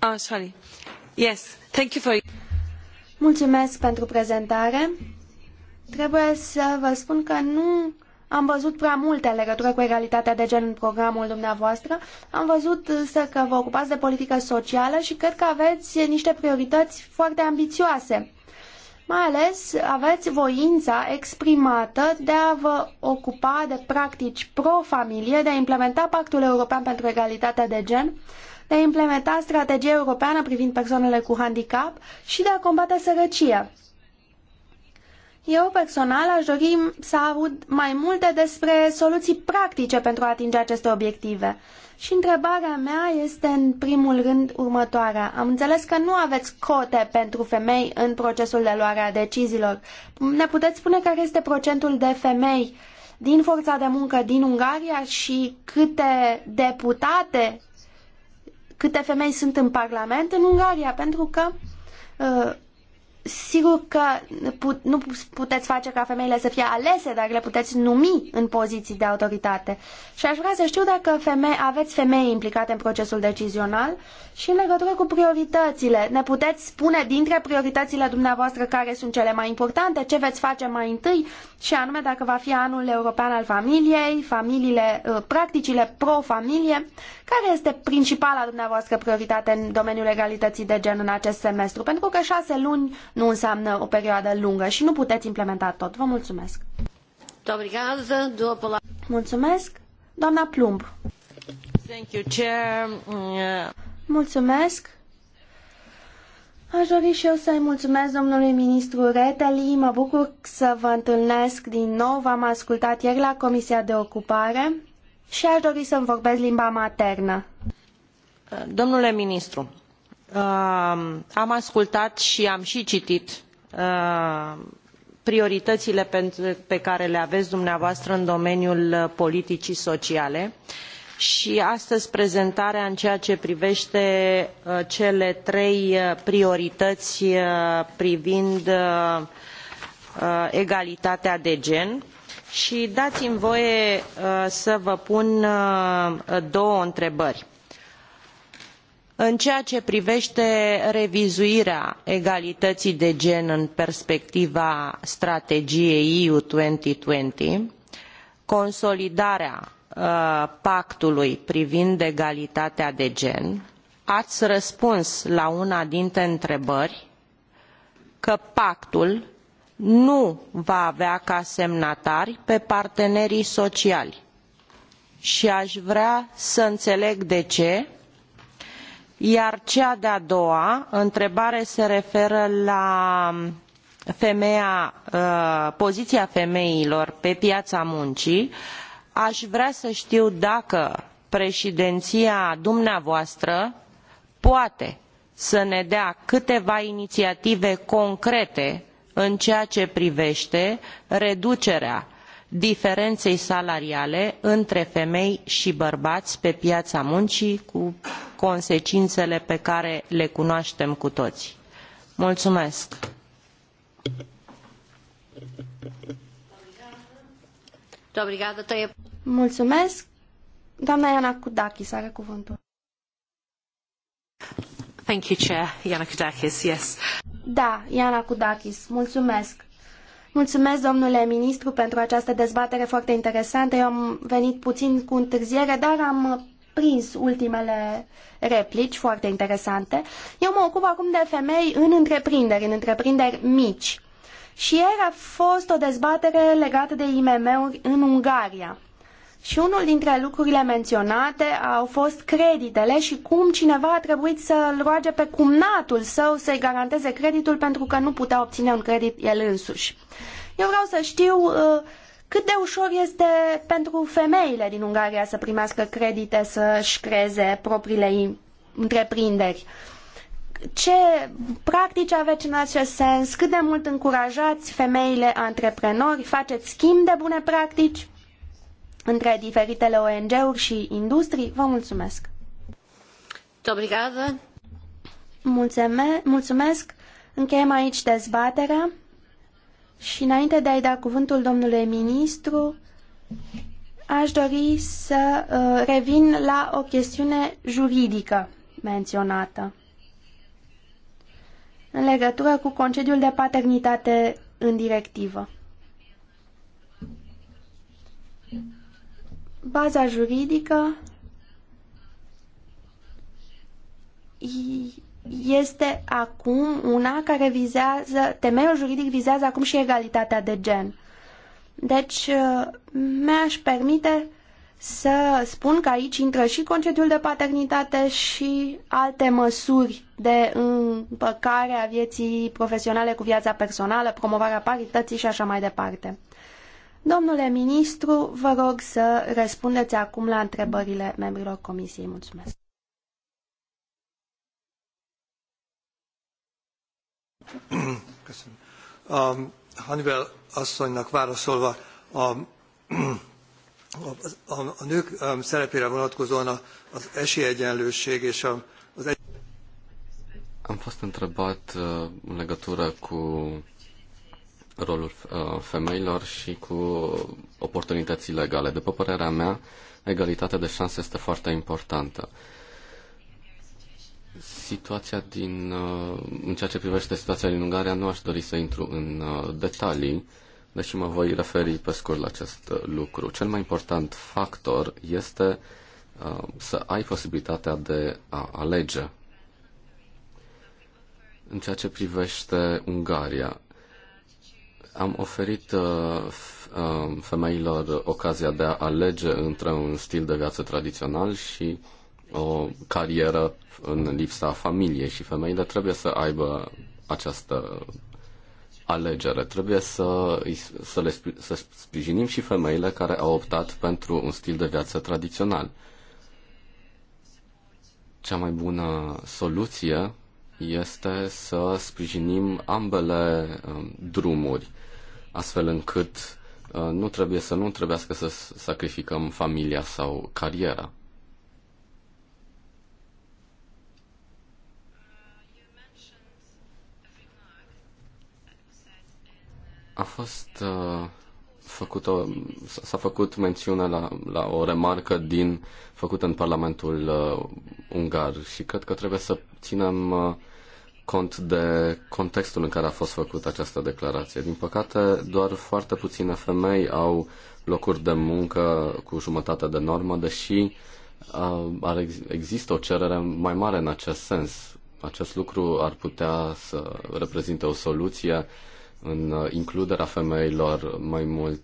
Ah, sorry. Yes, thank you for... Mulțumesc pentru prezentare. Trebuie să vă spun că nu am văzut prea multe în legătură cu egalitatea de gen în programul dumneavoastră. Am văzut însă că vă ocupați de politică socială și cred că aveți niște priorități foarte ambițioase. Mai ales aveți voința exprimată de a vă ocupa de practici pro-familie, de a implementa Pactul European pentru Egalitatea de Gen, de a implementa strategia europeană privind persoanele cu handicap și de a combate sărăcia. Eu personal aș dori să aud mai multe despre soluții practice pentru a atinge aceste obiective. Și întrebarea mea este în primul rând următoarea. Am înțeles că nu aveți cote pentru femei în procesul de luare a deciziilor. Ne puteți spune care este procentul de femei din forța de muncă din Ungaria și câte deputate, câte femei sunt în Parlament în Ungaria? Pentru că uh, Sigur că put, nu puteți face ca femeile să fie alese, dar le puteți numi în poziții de autoritate. Și aș vrea să știu dacă femei, aveți femei implicate în procesul decizional și în legătură cu prioritățile. Ne puteți spune dintre prioritățile dumneavoastră care sunt cele mai importante, ce veți face mai întâi și anume dacă va fi anul european al familiei, familiile, uh, practicile pro-familie care este principala dumneavoastră prioritate în domeniul egalității de gen în acest semestru? Pentru că șase luni nu înseamnă o perioadă lungă și nu puteți implementa tot. Vă mulțumesc! Mulțumesc, doamna Plumb! Mulțumesc! Aș dori și eu să-i mulțumesc domnului ministru Reteli. Mă bucur să vă întâlnesc din nou. V-am ascultat ieri la Comisia de Ocupare și aș dori să-mi vorbesc limba maternă. Domnule ministru, uh, am ascultat și am și citit uh, prioritățile pe care le aveți dumneavoastră în domeniul uh, politicii sociale și astăzi prezentarea în ceea ce privește cele trei priorități privind egalitatea de gen și dați-mi voie uh, să vă pun uh, două întrebări. În ceea ce privește revizuirea egalității de gen în perspectiva strategiei EU 2020, consolidarea uh, pactului privind egalitatea de gen, ați răspuns la una dintre întrebări că pactul nu va avea ca semnatari pe partenerii sociali i a vrea să îneleg de ce iar cea de a doua întrebare se referă la femeia, ă, poziia femeilor pe piaa muncii a vrea să tiu dacă preedinia dumneavoastră poate să ne dea câteva iniiative concrete în ceea ce privete reducerea diferenei salariale între femei i bărbai pe piaa muncii cu consecinele pe care le cunoatem cu toii. Mulțumesc. Mulțumesc. Doamna Iana Kudakis are cuvântul. Thank you, Chair. Iana Kudakis, yes. Da, Iana Kudakis, mulțumesc. Mulțumesc, domnule ministru, pentru această dezbatere foarte interesantă. Eu am venit puțin cu întârziere, dar am prins ultimele replici foarte interesante. Eu mă ocup acum de femei în întreprinderi, în întreprinderi mici. Și ieri a fost o dezbatere legată de IMM-uri în Ungaria. Și unul dintre lucrurile menționate au fost creditele și cum cineva a trebuit să-l roage pe cumnatul său să-i garanteze creditul pentru că nu putea obține un credit el însuși. Eu vreau să știu uh, cât de ușor este pentru femeile din Ungaria să primească credite, să-și creeze propriile întreprinderi. Ce practici aveți în acest sens? Cât de mult încurajați femeile antreprenori? Faceți schimb de bune practici? între diferitele ONG-uri și industrii. Vă mulțumesc! Obrigada. Mulțume, mulțumesc! Încheiem aici dezbaterea și înainte de a-i da cuvântul domnului ministru, aș dori să uh, revin la o chestiune juridică menționată în legătură cu concediul de paternitate în directivă. baza juridică este acum una care vizează, temeiul juridic vizează acum și egalitatea de gen. Deci mi-aș permite să spun că aici intră și concediul de paternitate și alte măsuri de împăcare a vieții profesionale cu viața personală, promovarea parității și așa mai departe. Domnule ministru, vă rog să răspundeți acum la întrebările membrilor comisiei. Mulțumesc. Hanivel, um, Hannibal asszonynak válaszolva a, um, a, a, a nők um, szerepére vonatkozóan az esélyegyenlőség és a, az Am fost întrebat uh, în legătură cu rolul uh, femeilor și cu oportunitățile legale. După părerea mea, egalitatea de șanse este foarte importantă. Situația din, uh, în ceea ce privește situația din Ungaria, nu aș dori să intru în uh, detalii, deși mă voi referi pe scurt la acest lucru. Cel mai important factor este să ai posibilitatea de a alege. În ceea ce privește Ungaria, am oferit uh, uh, femeilor ocazia de a alege între un stil de viață tradițional și o carieră în lipsa familiei și femeile trebuie să aibă această alegere. Trebuie să, să, le, să sprijinim și femeile care au optat pentru un stil de viață tradițional. Cea mai bună soluție este să sprijinim ambele um, drumuri astfel încât uh, nu trebuie să nu trebuiască să sacrificăm familia sau cariera. A fost uh, făcută, s-a făcut mențiune la, la o remarcă din făcută în Parlamentul uh, Ungar și cred că trebuie să ținem uh, cont de contextul în care a fost făcută această declarație. Din păcate, doar foarte puține femei au locuri de muncă cu jumătate de normă, deși uh, ar, există o cerere mai mare în acest sens. Acest lucru ar putea să reprezinte o soluție în uh, includerea femeilor mai mult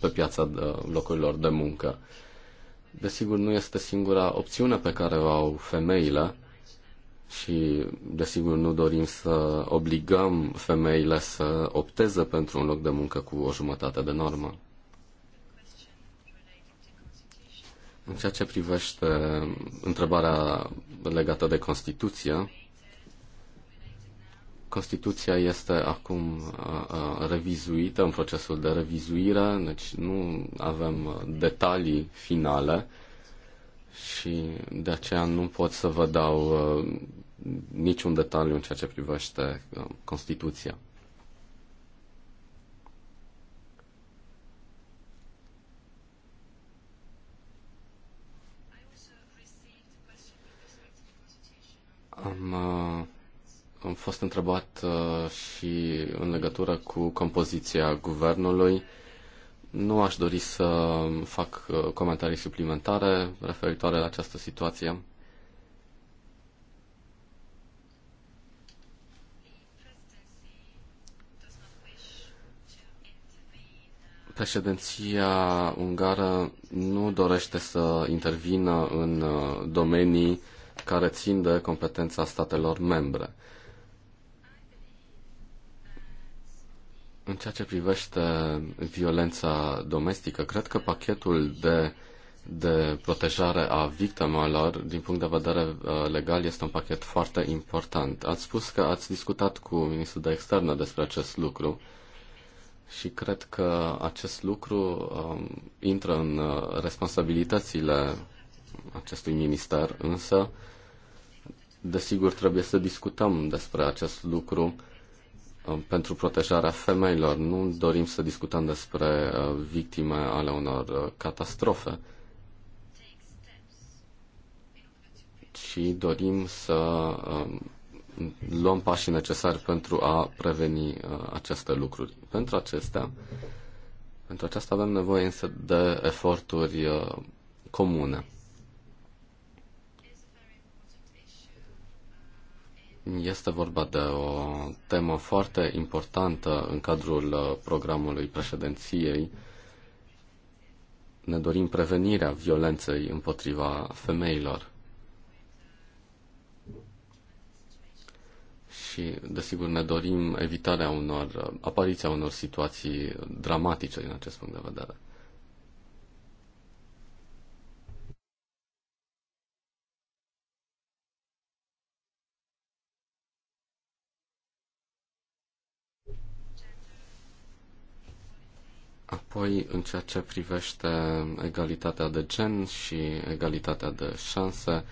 pe piața locurilor de muncă. Desigur, nu este singura opțiune pe care o au femeile, și, desigur, nu dorim să obligăm femeile să opteze pentru un loc de muncă cu o jumătate de normă. În ceea ce privește întrebarea legată de Constituție, Constituția este acum revizuită, în procesul de revizuire, deci nu avem detalii finale și de aceea nu pot să vă dau niciun detaliu în ceea ce privește uh, Constituția. Am, uh, am fost întrebat uh, și în legătură cu compoziția guvernului. Nu aș dori să fac comentarii suplimentare referitoare la această situație. Președinția ungară nu dorește să intervină în uh, domenii care țin de competența statelor membre. În ceea ce privește violența domestică, cred că pachetul de, de protejare a victimelor, din punct de vedere uh, legal, este un pachet foarte important. Ați spus că ați discutat cu ministrul de externe despre acest lucru. Uh, și cred că acest lucru um, intră în uh, responsabilitățile acestui minister, însă, desigur, trebuie să discutăm despre acest lucru um, pentru protejarea femeilor. Nu dorim să discutăm despre uh, victime ale unor uh, catastrofe, ci dorim să um, luăm pașii necesari pentru a preveni uh, aceste lucruri. Pentru acestea, pentru aceasta avem nevoie însă de eforturi uh, comune. Este vorba de o temă foarte importantă în cadrul uh, programului președinției. Ne dorim prevenirea violenței împotriva femeilor. și, desigur, ne dorim evitarea unor, apariția unor situații dramatice din acest punct de vedere. Apoi, în ceea ce privește egalitatea de gen și egalitatea de șanse,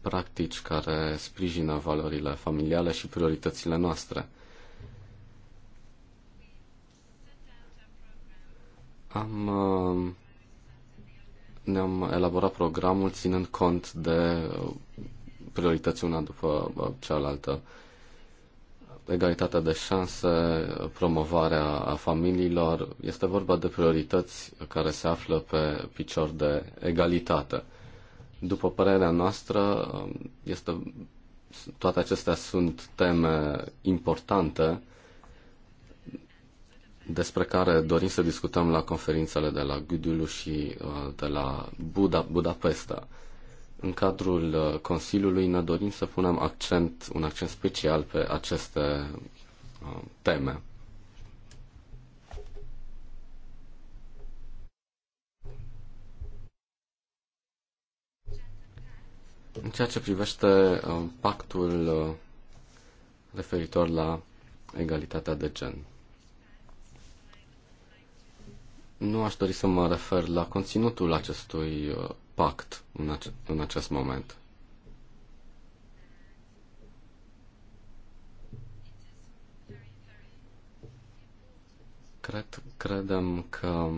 practici care sprijină valorile familiale și prioritățile noastre. Am, uh, ne-am elaborat programul ținând cont de priorități una după uh, cealaltă. Egalitatea de șanse, promovarea familiilor, este vorba de priorități care se află pe picior de egalitate. După părerea noastră, este, toate acestea sunt teme importante despre care dorim să discutăm la conferințele de la Gudulu și uh, de la Buda, Budapesta. În cadrul uh, Consiliului ne dorim să punem accent, un accent special pe aceste uh, teme. În ceea ce privește uh, pactul uh, referitor la egalitatea de gen. Nu aș dori să mă refer la conținutul acestui uh, pact în, ac- în acest moment. Cred, credem că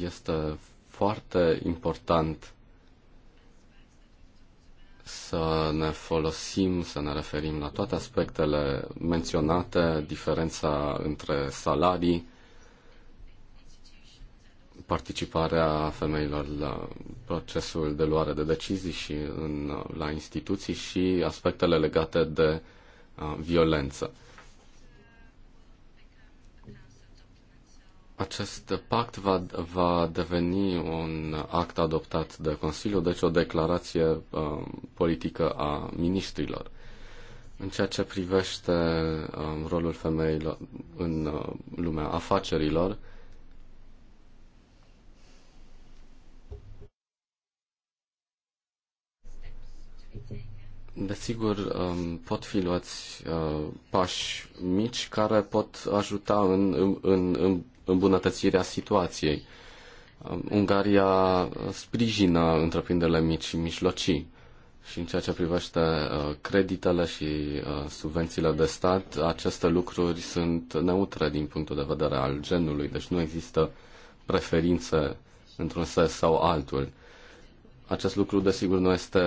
este foarte important să ne folosim, să ne referim la toate aspectele menționate, diferența între salarii, participarea femeilor la procesul de luare de decizii și în, la instituții și aspectele legate de uh, violență. Acest pact va, va deveni un act adoptat de Consiliu, deci o declarație uh, politică a ministrilor. În ceea ce privește uh, rolul femeilor în uh, lumea afacerilor, Desigur, um, pot fi luați uh, pași mici care pot ajuta în, în, în îmbunătățirea situației. Um, Ungaria sprijină întreprinderile mici și mijlocii și în ceea ce privește uh, creditele și uh, subvențiile de stat, aceste lucruri sunt neutre din punctul de vedere al genului, deci nu există preferințe într-un sens sau altul. Acest lucru, desigur, nu este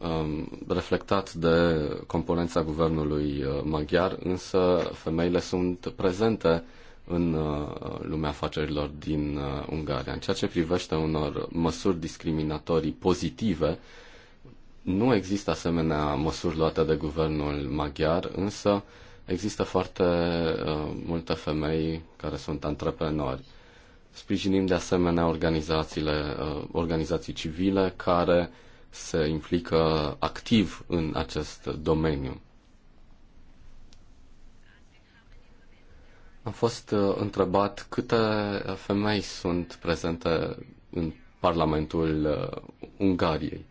um, reflectat de componența guvernului uh, maghiar, însă femeile sunt prezente în uh, lumea afacerilor din uh, Ungaria. În ceea ce privește unor măsuri discriminatorii pozitive, nu există asemenea măsuri luate de guvernul maghiar, însă există foarte uh, multe femei care sunt antreprenori. Sprijinim de asemenea organizațiile, organizații civile care se implică activ în acest domeniu. Am fost uh, întrebat câte femei sunt prezente în Parlamentul uh, Ungariei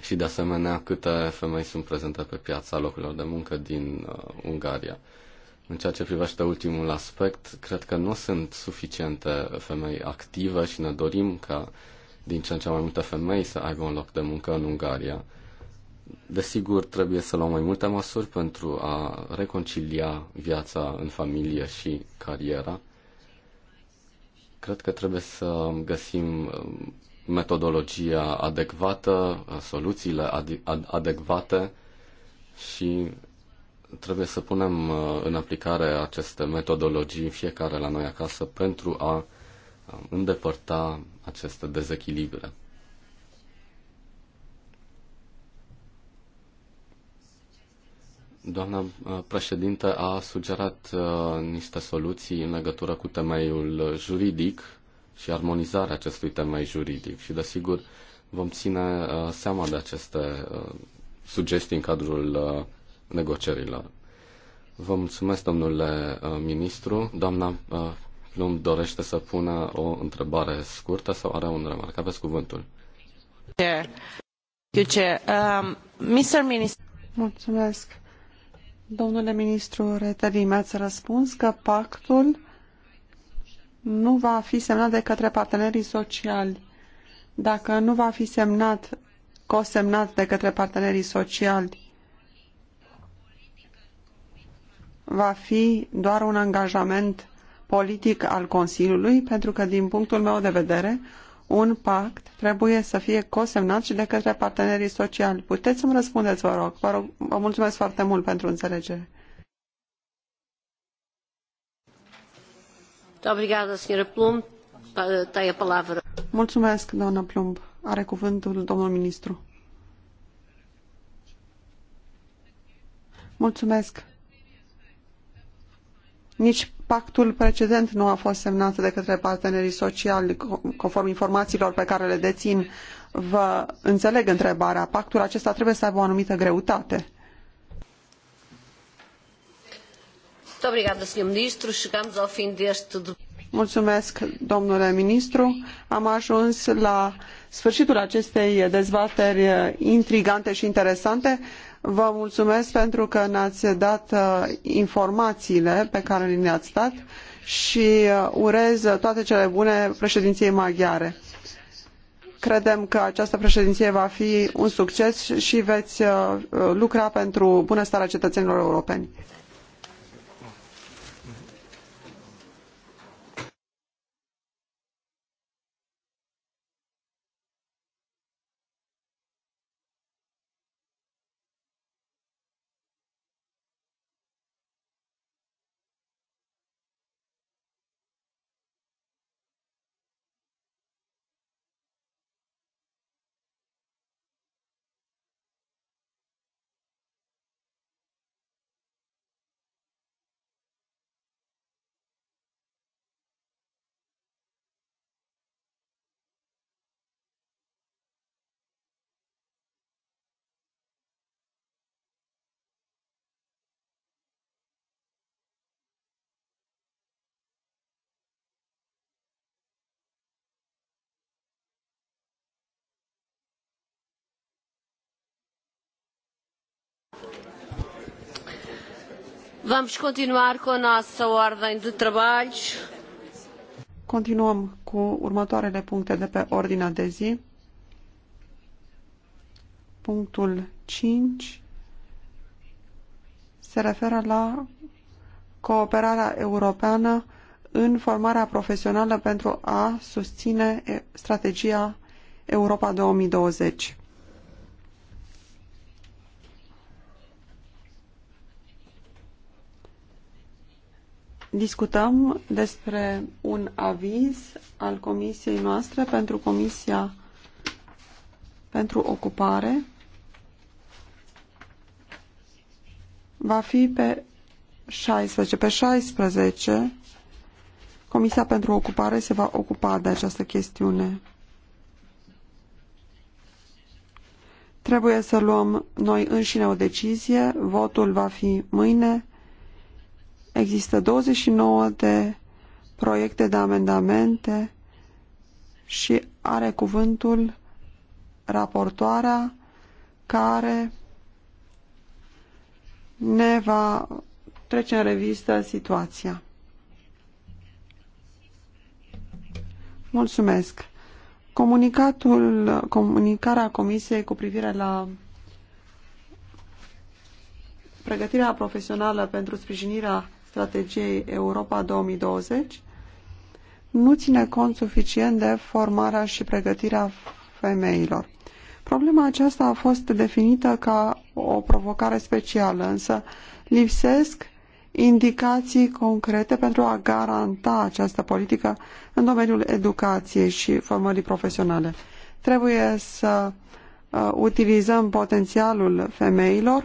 și de asemenea câte femei sunt prezente pe piața locurilor de muncă din uh, Ungaria. În ceea ce privește ultimul aspect, cred că nu sunt suficiente femei active și ne dorim ca din ce în ce mai multe femei să aibă un loc de muncă în Ungaria. Desigur, trebuie să luăm mai multe măsuri pentru a reconcilia viața în familie și cariera. Cred că trebuie să găsim um, metodologia adecvată, soluțiile ad- adecvate și trebuie să punem uh, în aplicare aceste metodologii fiecare la noi acasă pentru a um, îndepărta aceste dezechilibre. Doamna uh, președinte a sugerat uh, niște soluții în legătură cu temeiul juridic și armonizarea acestui temei juridic și, desigur, vom ține uh, seama de aceste sugestii în cadrul negocierilor. Vă mulțumesc, domnule ministru. Doamna Plum dorește să pună o întrebare scurtă sau are un remarc. Aveți cuvântul. Um, mulțumesc. Domnule ministru Reteli, mi-ați răspuns că pactul nu va fi semnat de către partenerii sociali. Dacă nu va fi semnat, cosemnat de către partenerii sociali, va fi doar un angajament politic al Consiliului, pentru că, din punctul meu de vedere, un pact trebuie să fie cosemnat și de către partenerii sociali. Puteți să-mi răspundeți, vă rog. Vă, rog, vă mulțumesc foarte mult pentru înțelegere. Mulțumesc, doamnă Plumb. Are cuvântul domnul ministru. Mulțumesc. Nici Pactul precedent nu a fost semnat de către partenerii sociali, conform informațiilor pe care le dețin. Vă înțeleg întrebarea. Pactul acesta trebuie să aibă o anumită greutate. Mulțumesc, domnule ministru. Am ajuns la sfârșitul acestei dezbateri intrigante și interesante. Vă mulțumesc pentru că ne-ați dat uh, informațiile pe care ni le-ați dat și uh, urez toate cele bune președinției maghiare. Credem că această președinție va fi un succes și veți uh, lucra pentru bunăstarea cetățenilor europeni. Vamos continuar com a nossa ordem de trabalhos. Continuăm cu următoarele puncte de pe ordinea de zi. Punctul 5 se referă la cooperarea europeană în formarea profesională pentru a susține strategia Europa 2020. Discutăm despre un aviz al comisiei noastre pentru Comisia pentru Ocupare. Va fi pe 16. Pe 16 Comisia pentru Ocupare se va ocupa de această chestiune. Trebuie să luăm noi înșine o decizie. Votul va fi mâine Există 29 de proiecte de amendamente și are cuvântul raportoarea care ne va trece în revistă situația. Mulțumesc. Comunicatul, comunicarea Comisiei cu privire la pregătirea profesională pentru sprijinirea strategiei Europa 2020 nu ține cont suficient de formarea și pregătirea femeilor. Problema aceasta a fost definită ca o provocare specială, însă lipsesc indicații concrete pentru a garanta această politică în domeniul educației și formării profesionale. Trebuie să uh, utilizăm potențialul femeilor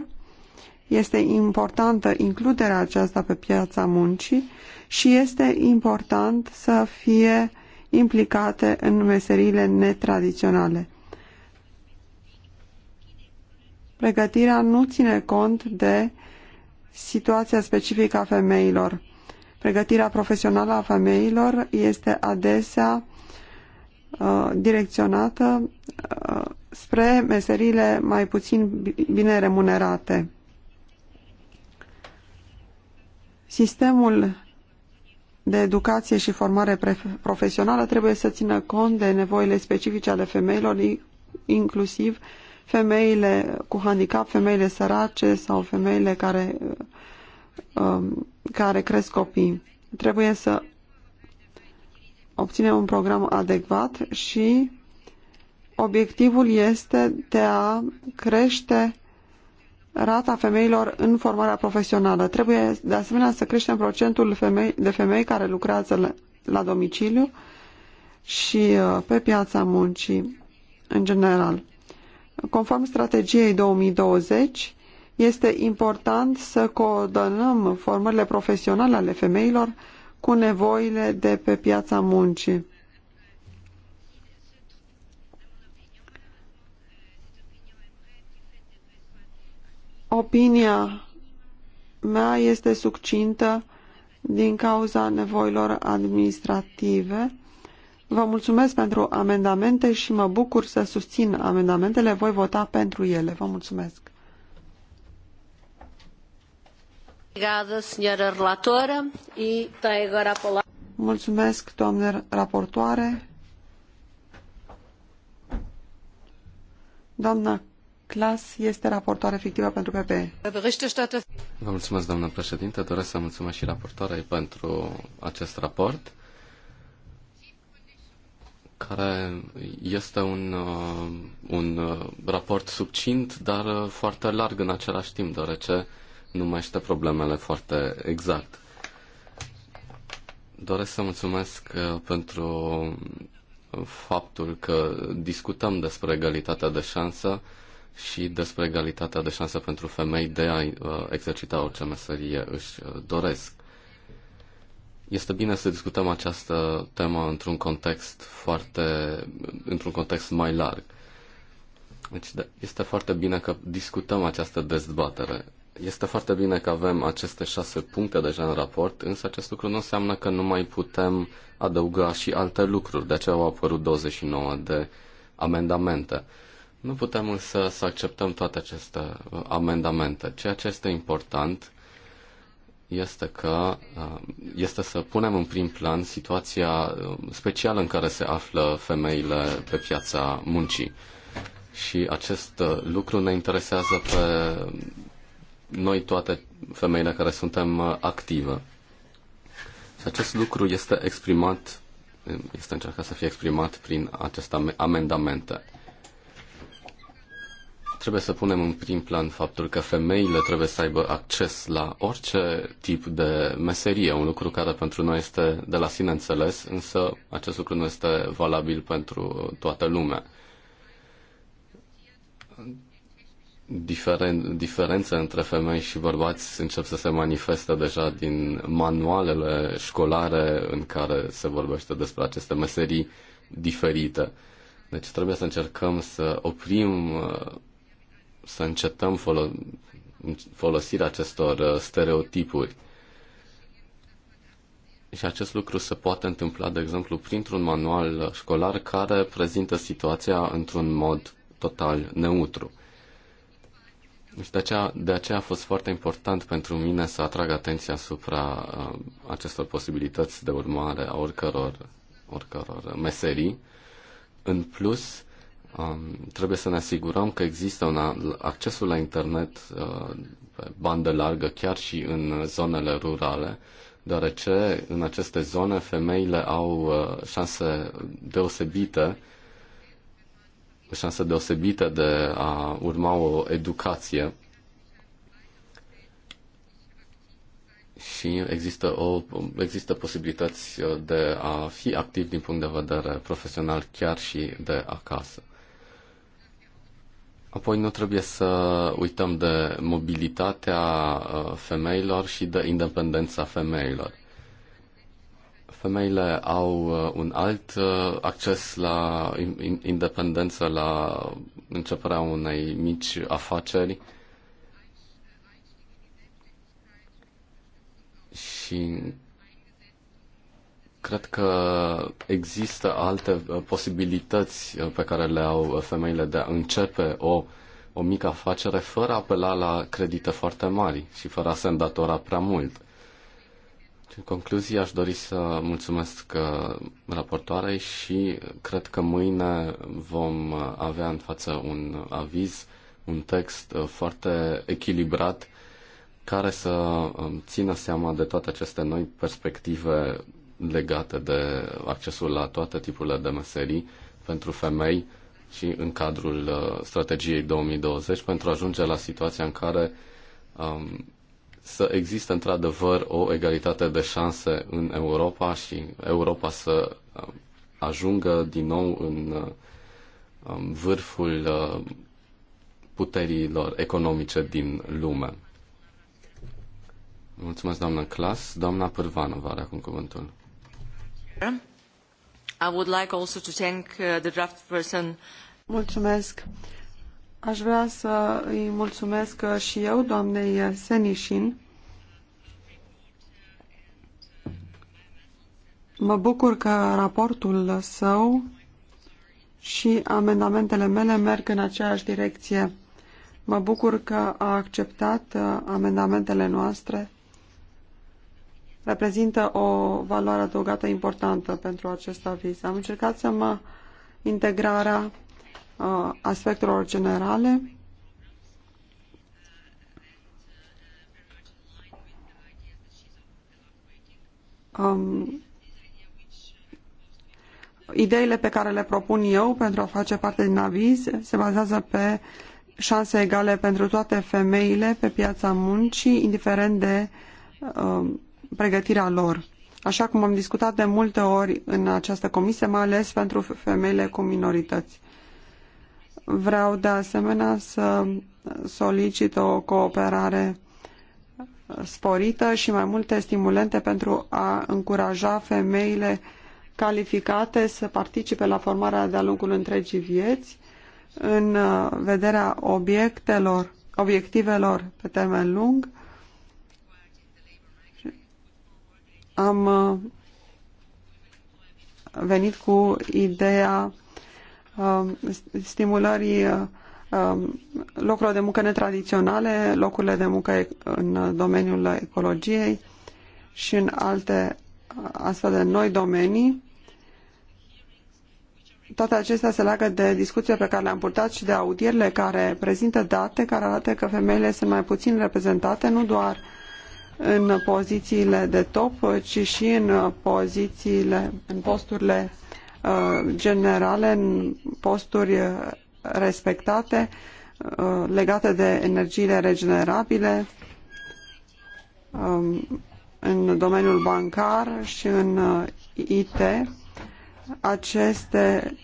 este importantă includerea aceasta pe piața muncii și este important să fie implicate în meserile netradiționale. Pregătirea nu ține cont de situația specifică a femeilor. Pregătirea profesională a femeilor este adesea uh, direcționată uh, spre meserile mai puțin bine remunerate. Sistemul de educație și formare profesională trebuie să țină cont de nevoile specifice ale femeilor, inclusiv femeile cu handicap, femeile sărace sau femeile care, um, care cresc copii. Trebuie să obținem un program adecvat și obiectivul este de a crește rata femeilor în formarea profesională. Trebuie de asemenea să creștem procentul femei, de femei care lucrează la, la domiciliu și uh, pe piața muncii în general. Conform strategiei 2020, este important să coordonăm formările profesionale ale femeilor cu nevoile de pe piața muncii. Opinia mea este succintă din cauza nevoilor administrative. Vă mulțumesc pentru amendamente și mă bucur să susțin amendamentele. Voi vota pentru ele. Vă mulțumesc. Mulțumesc, doamne raportoare. Doamna Clas este raportoare efectivă pentru PP. Vă mulțumesc, doamnă președinte. Doresc să mulțumesc și raportoarei pentru acest raport, care este un, uh, un uh, raport succint, dar uh, foarte larg în același timp, deoarece este problemele foarte exact. Doresc să mulțumesc pentru faptul că discutăm despre egalitatea de șansă, și despre egalitatea de șanse pentru femei de a uh, exercita orice meserie își uh, doresc. Este bine să discutăm această temă într-un context foarte, într-un context mai larg. Deci da, este foarte bine că discutăm această dezbatere. Este foarte bine că avem aceste șase puncte deja în raport, însă acest lucru nu înseamnă că nu mai putem adăuga și alte lucruri. De aceea au apărut 29 de amendamente. Nu putem însă să acceptăm toate aceste uh, amendamente. Ceea ce este important este că uh, este să punem în prim plan situația uh, specială în care se află femeile pe piața muncii. Și acest lucru ne interesează pe noi toate femeile care suntem active. Și acest lucru este exprimat, este încercat să fie exprimat prin aceste amendamente. Trebuie să punem în prim plan faptul că femeile trebuie să aibă acces la orice tip de meserie, un lucru care pentru noi este de la sine înțeles, însă acest lucru nu este valabil pentru toată lumea. Diferen, diferențe între femei și bărbați încep să se manifeste deja din manualele școlare în care se vorbește despre aceste meserii diferite. Deci trebuie să încercăm să oprim să încetăm folo- folosirea acestor uh, stereotipuri. Și acest lucru se poate întâmpla, de exemplu, printr-un manual școlar care prezintă situația într-un mod total neutru. Și de aceea, de aceea a fost foarte important pentru mine să atrag atenția asupra uh, acestor posibilități de urmare a oricăror, oricăror meserii. În plus, Um, trebuie să ne asigurăm că există un accesul la internet uh, pe bandă largă chiar și în zonele rurale, deoarece în aceste zone femeile au uh, șanse deosebite șanse deosebite de a urma o educație și există, o, există posibilități uh, de a fi activ din punct de vedere profesional chiar și de acasă. Apoi nu trebuie să uităm de mobilitatea uh, femeilor și de independența femeilor. Femeile au uh, un alt uh, acces la independență, la începerea unei mici afaceri și cred că există alte uh, posibilități uh, pe care le au uh, femeile de a începe o, o mică afacere fără a apela la credite foarte mari și fără a se îndatora prea mult. În concluzie, aș dori să mulțumesc raportoarei și cred că mâine vom avea în față un aviz, un text foarte echilibrat care să um, țină seama de toate aceste noi perspective legate de accesul la toate tipurile de meserii pentru femei și în cadrul uh, strategiei 2020 pentru a ajunge la situația în care um, să existe într-adevăr o egalitate de șanse în Europa și Europa să um, ajungă din nou în uh, um, vârful uh, puterilor economice din lume. Mulțumesc, doamnă Clas. Doamna Pârvană vă are acum cuvântul. I would like also to thank uh, the draft person. Mulțumesc. Aș vrea să îi mulțumesc uh, și eu, doamnei uh, Senișin. Mă bucur că raportul său și amendamentele mele merg în aceeași direcție. Mă bucur că a acceptat amendamentele noastre reprezintă o valoare adăugată importantă pentru acest aviz. Am încercat să mă integrarea uh, aspectelor generale um, ideile pe care le propun eu pentru a face parte din aviz se bazează pe șanse egale pentru toate femeile pe piața muncii, indiferent de um, pregătirea lor. Așa cum am discutat de multe ori în această comisie, mai ales pentru femeile cu minorități. Vreau de asemenea să solicit o cooperare sporită și mai multe stimulente pentru a încuraja femeile calificate să participe la formarea de-a lungul întregii vieți în vederea obiectelor, obiectivelor pe termen lung am uh, venit cu ideea um, stimulării uh, um, locurilor de muncă netradiționale, locurile de muncă în domeniul ecologiei și în alte uh, astfel de noi domenii. Toate acestea se leagă de discuțiile pe care le-am purtat și de audierile care prezintă date care arată că femeile sunt mai puțin reprezentate, nu doar uh, în pozițiile de top, ci și în pozițiile, în posturile uh, generale, în posturi respectate uh, legate de energiile regenerabile, um, în domeniul bancar și în uh, IT. Aceste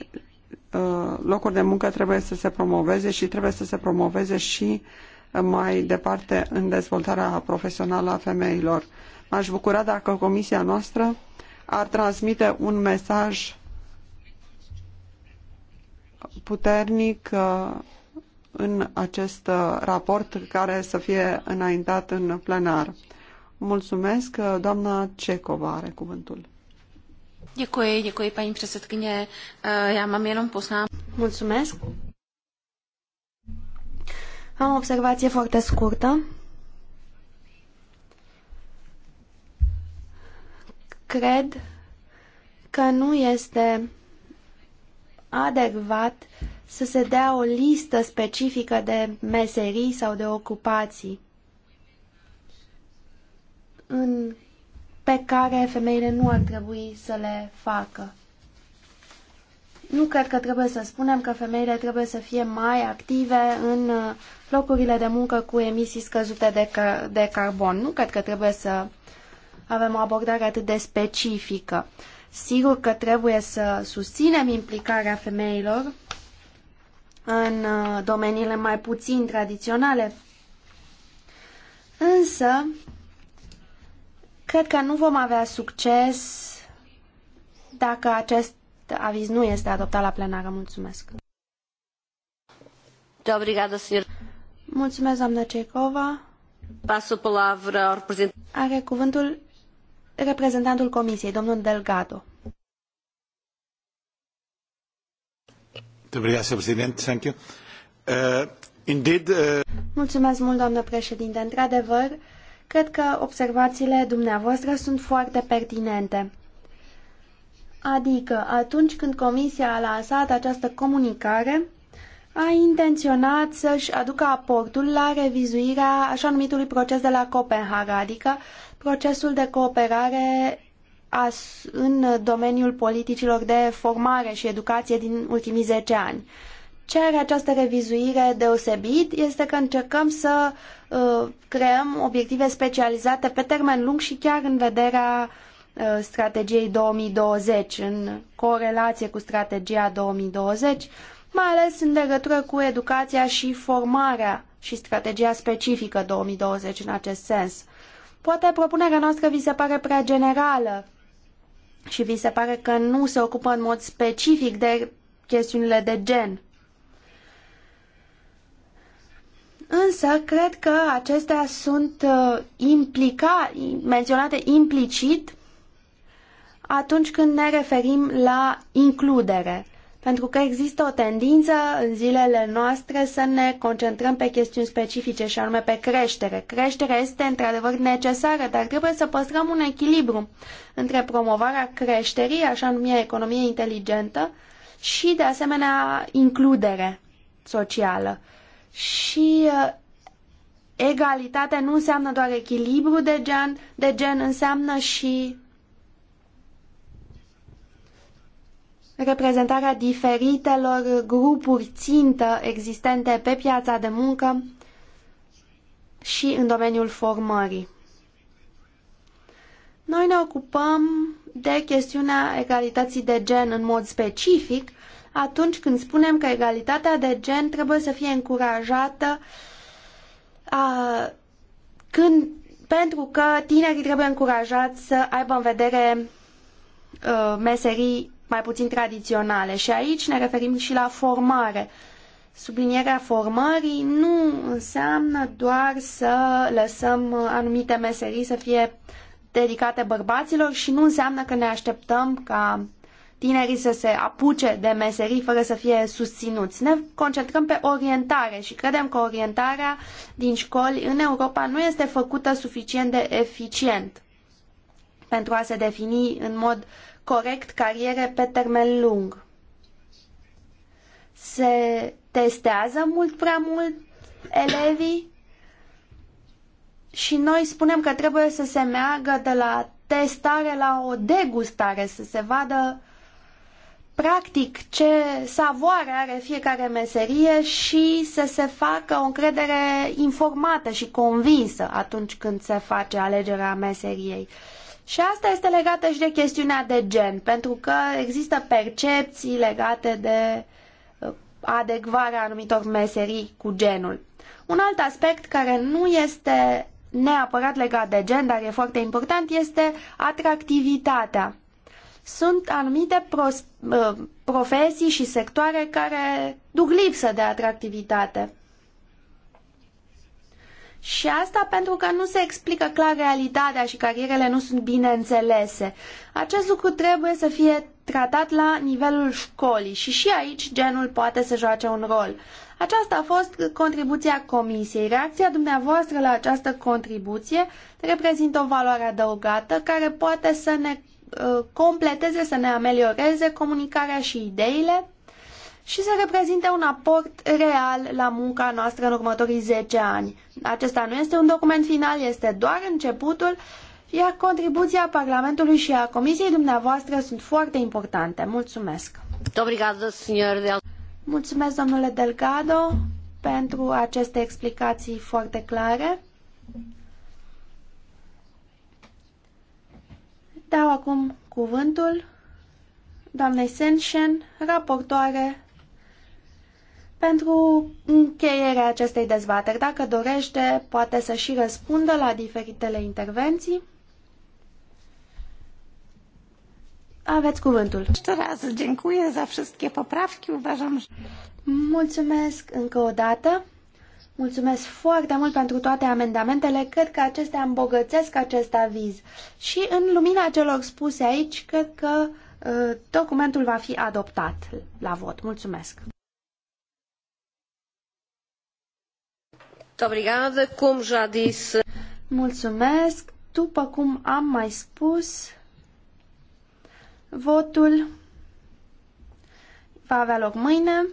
locuri de muncă trebuie să se promoveze și trebuie să se promoveze și uh, mai departe în dezvoltarea profesională a femeilor. M-aș bucura dacă comisia noastră ar transmite un mesaj puternic uh, în acest uh, raport care să fie înaintat în plenar. Mulțumesc. Uh, doamna Cecova are cuvântul. Děkuji, děkuji paní předsedkyně. Já mám jenom poznám. Mulțumesc. Am o observație foarte scurtă. Cred că nu este adecvat să se dea o listă specifică de meserii sau de ocupații în, pe care femeile nu ar trebui să le facă. Nu cred că trebuie să spunem că femeile trebuie să fie mai active în locurile de muncă cu emisii scăzute de, car de carbon. Nu cred că trebuie să avem o abordare atât de specifică. Sigur că trebuie să susținem implicarea femeilor în uh, domeniile mai puțin tradiționale, însă cred că nu vom avea succes dacă acest aviz nu este adoptat la plenară. Mulțumesc! Obrigada, senhor. Mulțumesc, doamna Cecova. Pasul palavra Are cuvântul reprezentantul Comisiei, domnul Delgado. Uh, uh, Mulțumesc mult, doamnă președinte. Într-adevăr, cred că observațiile dumneavoastră sunt foarte pertinente. Adică, atunci când Comisia a lansat această comunicare, a intenționat să-și aducă aportul la revizuirea așa numitului proces de la Copenhaga, adică procesul de cooperare în domeniul politicilor de formare și educație din ultimii zece ani. Ce are această revizuire deosebit este că încercăm să uh, creăm obiective specializate pe termen lung și chiar în vederea uh, strategiei 2020, în corelație cu strategia 2020, mai ales în legătură cu educația și formarea și strategia specifică 2020 în acest sens. Poate propunerea noastră vi se pare prea generală și vi se pare că nu se ocupă în mod specific de chestiunile de gen. Însă, cred că acestea sunt uh, implica, menționate implicit atunci când ne referim la includere. Pentru că există o tendință în zilele noastre să ne concentrăm pe chestiuni specifice și anume pe creștere. Creșterea este într-adevăr necesară, dar trebuie să păstrăm un echilibru între promovarea creșterii, așa numită economie inteligentă, și de asemenea includere socială. Și uh, egalitate nu înseamnă doar echilibru de gen, de gen înseamnă și reprezentarea diferitelor grupuri țintă existente pe piața de muncă și în domeniul formării. Noi ne ocupăm de chestiunea egalității de gen în mod specific atunci când spunem că egalitatea de gen trebuie să fie încurajată a, când, pentru că tinerii trebuie încurajați să aibă în vedere a, meserii mai puțin tradiționale. Și aici ne referim și la formare. Sublinierea formării nu înseamnă doar să lăsăm anumite meserii să fie dedicate bărbaților și nu înseamnă că ne așteptăm ca tinerii să se apuce de meserii fără să fie susținuți. Ne concentrăm pe orientare și credem că orientarea din școli în Europa nu este făcută suficient de eficient pentru a se defini în mod corect cariere pe termen lung. Se testează mult prea mult elevii și noi spunem că trebuie să se meargă de la testare la o degustare, să se vadă practic ce savoare are fiecare meserie și să se facă o încredere informată și convinsă atunci când se face alegerea meseriei. Și asta este legată și de chestiunea de gen, pentru că există percepții legate de uh, adecvarea anumitor meserii cu genul. Un alt aspect care nu este neapărat legat de gen, dar e foarte important, este atractivitatea. Sunt anumite uh, profesii și sectoare care duc lipsă de atractivitate. Și asta pentru că nu se explică clar realitatea și carierele nu sunt bine înțelese. Acest lucru trebuie să fie tratat la nivelul școlii și și aici genul poate să joace un rol. Aceasta a fost contribuția comisiei. Reacția dumneavoastră la această contribuție reprezintă o valoare adăugată care poate să ne uh, completeze, să ne amelioreze comunicarea și ideile și să reprezinte un aport real la munca noastră în următorii 10 ani. Acesta nu este un document final, este doar începutul, iar contribuția Parlamentului și a Comisiei dumneavoastră sunt foarte importante. Mulțumesc! Mulțumesc, domnule Delgado, pentru aceste explicații foarte clare. Dau acum cuvântul doamnei Senșen, raportoare pentru încheierea acestei dezbateri. Dacă dorește, poate să și răspundă la diferitele intervenții. Aveți cuvântul. Mulțumesc încă o dată. Mulțumesc foarte mult pentru toate amendamentele. Cred că acestea îmbogățesc acest aviz. Și în lumina celor spuse aici, cred că uh, documentul va fi adoptat la vot. Mulțumesc. Mulțumesc. După cum am mai spus, votul va avea loc mâine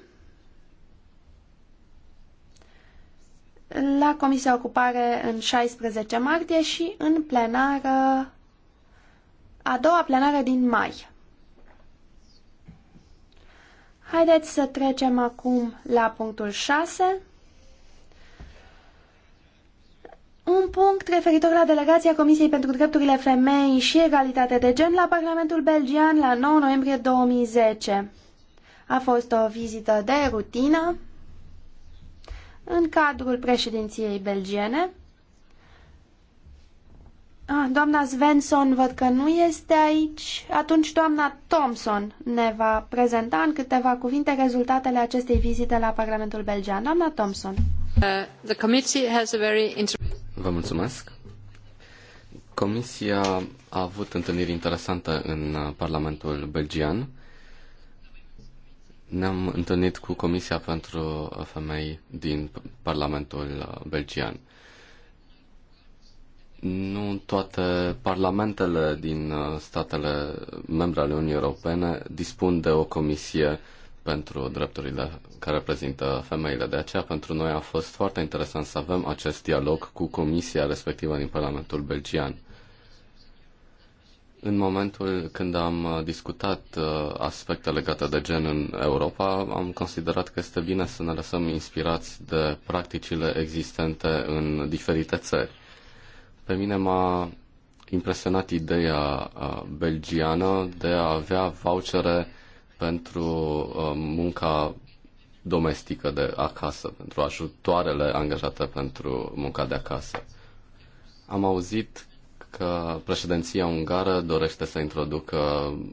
la Comisia Ocupare în 16 martie și în plenară a doua plenară din mai. Haideți să trecem acum la punctul 6. un punct referitor la delegația Comisiei pentru Drepturile Femei și Egalitate de Gen la Parlamentul Belgian la 9 noiembrie 2010. A fost o vizită de rutină în cadrul președinției belgiene. Ah, doamna Svensson văd că nu este aici. Atunci doamna Thompson ne va prezenta în câteva cuvinte rezultatele acestei vizite la Parlamentul Belgian. Doamna Thompson. Uh, Comisia a avut întâlniri interesante în uh, Parlamentul belgian. Ne-am întâlnit cu Comisia pentru uh, Femei din Parlamentul belgian. Nu toate parlamentele din statele membre ale Uniunii Europene dispun de o comisie pentru drepturile care reprezintă femeile. De aceea, pentru noi a fost foarte interesant să avem acest dialog cu comisia respectivă din Parlamentul Belgian. În momentul când am discutat uh, aspecte legate de gen în Europa, am considerat că este bine să ne lăsăm inspirați de practicile existente în diferite țări. Pe mine m-a impresionat ideea uh, belgiană de a avea vouchere pentru uh, munca domestică de acasă, pentru ajutoarele angajate pentru munca de acasă. Am auzit că președinția ungară dorește să introducă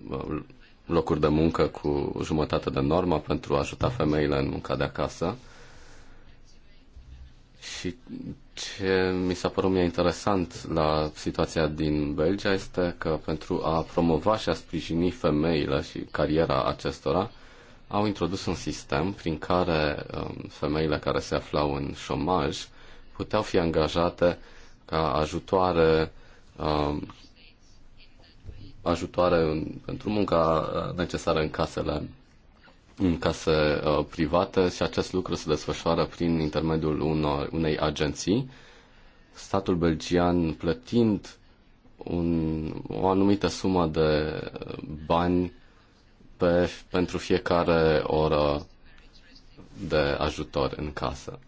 uh, locuri de muncă cu jumătate de normă pentru a ajuta femeile în munca de acasă. Și ce mi s-a părut mie interesant la situația din Belgia este că pentru a promova și a sprijini femeile și cariera acestora, au introdus un sistem prin care um, femeile care se aflau în șomaj puteau fi angajate ca ajutoare um, ajutoare pentru munca necesară în casele în case privată uh, private și acest lucru se desfășoară prin intermediul unor, unei agenții, statul belgian plătind un, o anumită sumă de bani pe, pentru fiecare oră de ajutor în casă.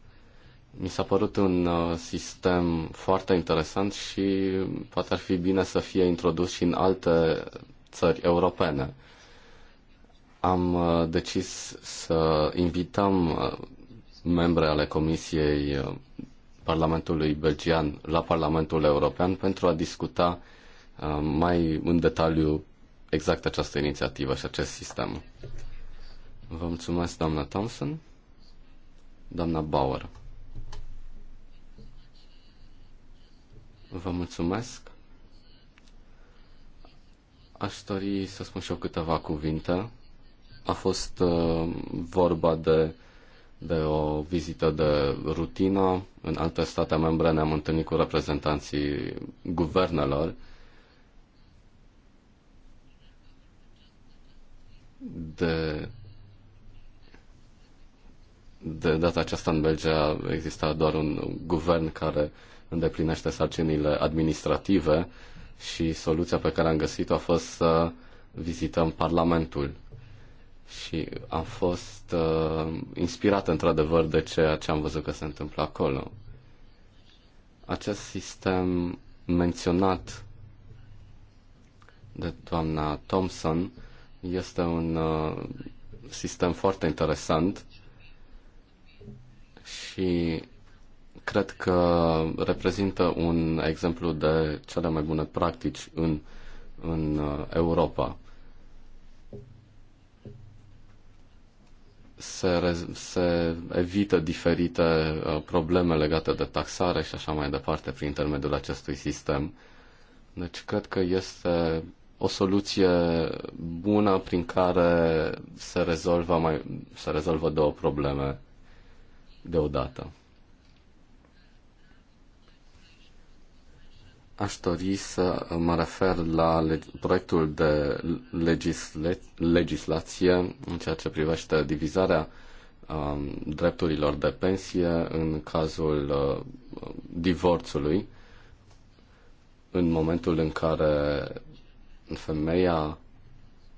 Mi s-a părut un uh, sistem foarte interesant și poate ar fi bine să fie introdus și în alte țări europene am uh, decis să invităm uh, membre ale Comisiei uh, Parlamentului Belgian la Parlamentul European pentru a discuta mai în detaliu exact această inițiativă și acest sistem. Vă mulțumesc, doamna Thompson. Doamna Bauer. Vă mulțumesc. Aș dori să spun și eu câteva cuvinte a fost uh, vorba de, de o vizită de rutină. În alte state membre ne-am întâlnit cu reprezentanții guvernelor. De, de data aceasta în Belgia exista doar un guvern care îndeplinește sarcinile administrative și soluția pe care am găsit-o a fost să vizităm Parlamentul și am fost uh, inspirat într-adevăr de ceea ce am văzut că se întâmplă acolo. Acest sistem menționat de doamna Thompson este un uh, sistem foarte interesant și cred că reprezintă un exemplu de cele mai bune practici în, în uh, Europa. se, se evită diferite uh, probleme legate de taxare și așa mai departe prin intermediul acestui sistem. Deci cred că este o soluție bună prin care se rezolvă, mai, se rezolvă două probleme deodată. Aș dori să mă refer la proiectul de legislație în ceea ce privește divizarea um, drepturilor de pensie în cazul uh, divorțului, în momentul în care femeia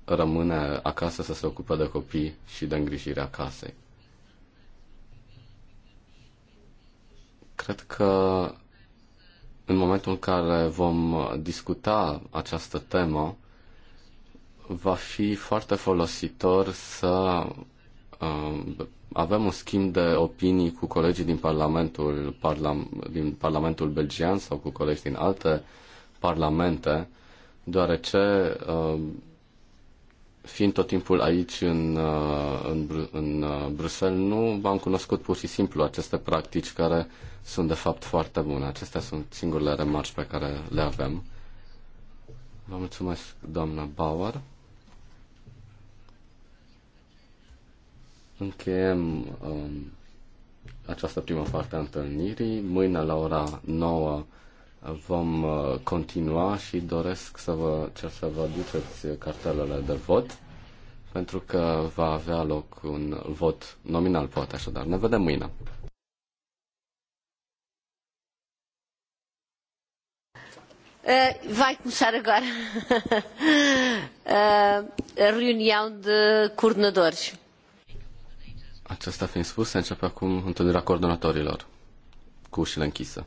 rămâne acasă să se ocupe de copii și de îngrijirea casei. Cred că în momentul în care vom discuta această temă, va fi foarte folositor să um, avem un schimb de opinii cu colegii din Parlamentul, parlam, din Parlamentul Belgian sau cu colegi din alte parlamente, deoarece um, fiind tot timpul aici în, uh, în, în uh, Bruxelles, nu v-am cunoscut pur și simplu aceste practici care sunt de fapt foarte bune. Acestea sunt singurele remarci pe care le avem. Vă mulțumesc, doamna Bauer. Încheiem um, această primă parte a întâlnirii. Mâine la ora 9 vom uh, continua și doresc să vă cer să vă duceți cartelele de vot pentru că va avea loc un vot nominal, poate așadar. Ne vedem mâine. Uh, vai começar agora uh, a reunião de coordenadores. Aceasta fiind spusă, începe acum întâlnirea coordonatorilor cu ușile închisă.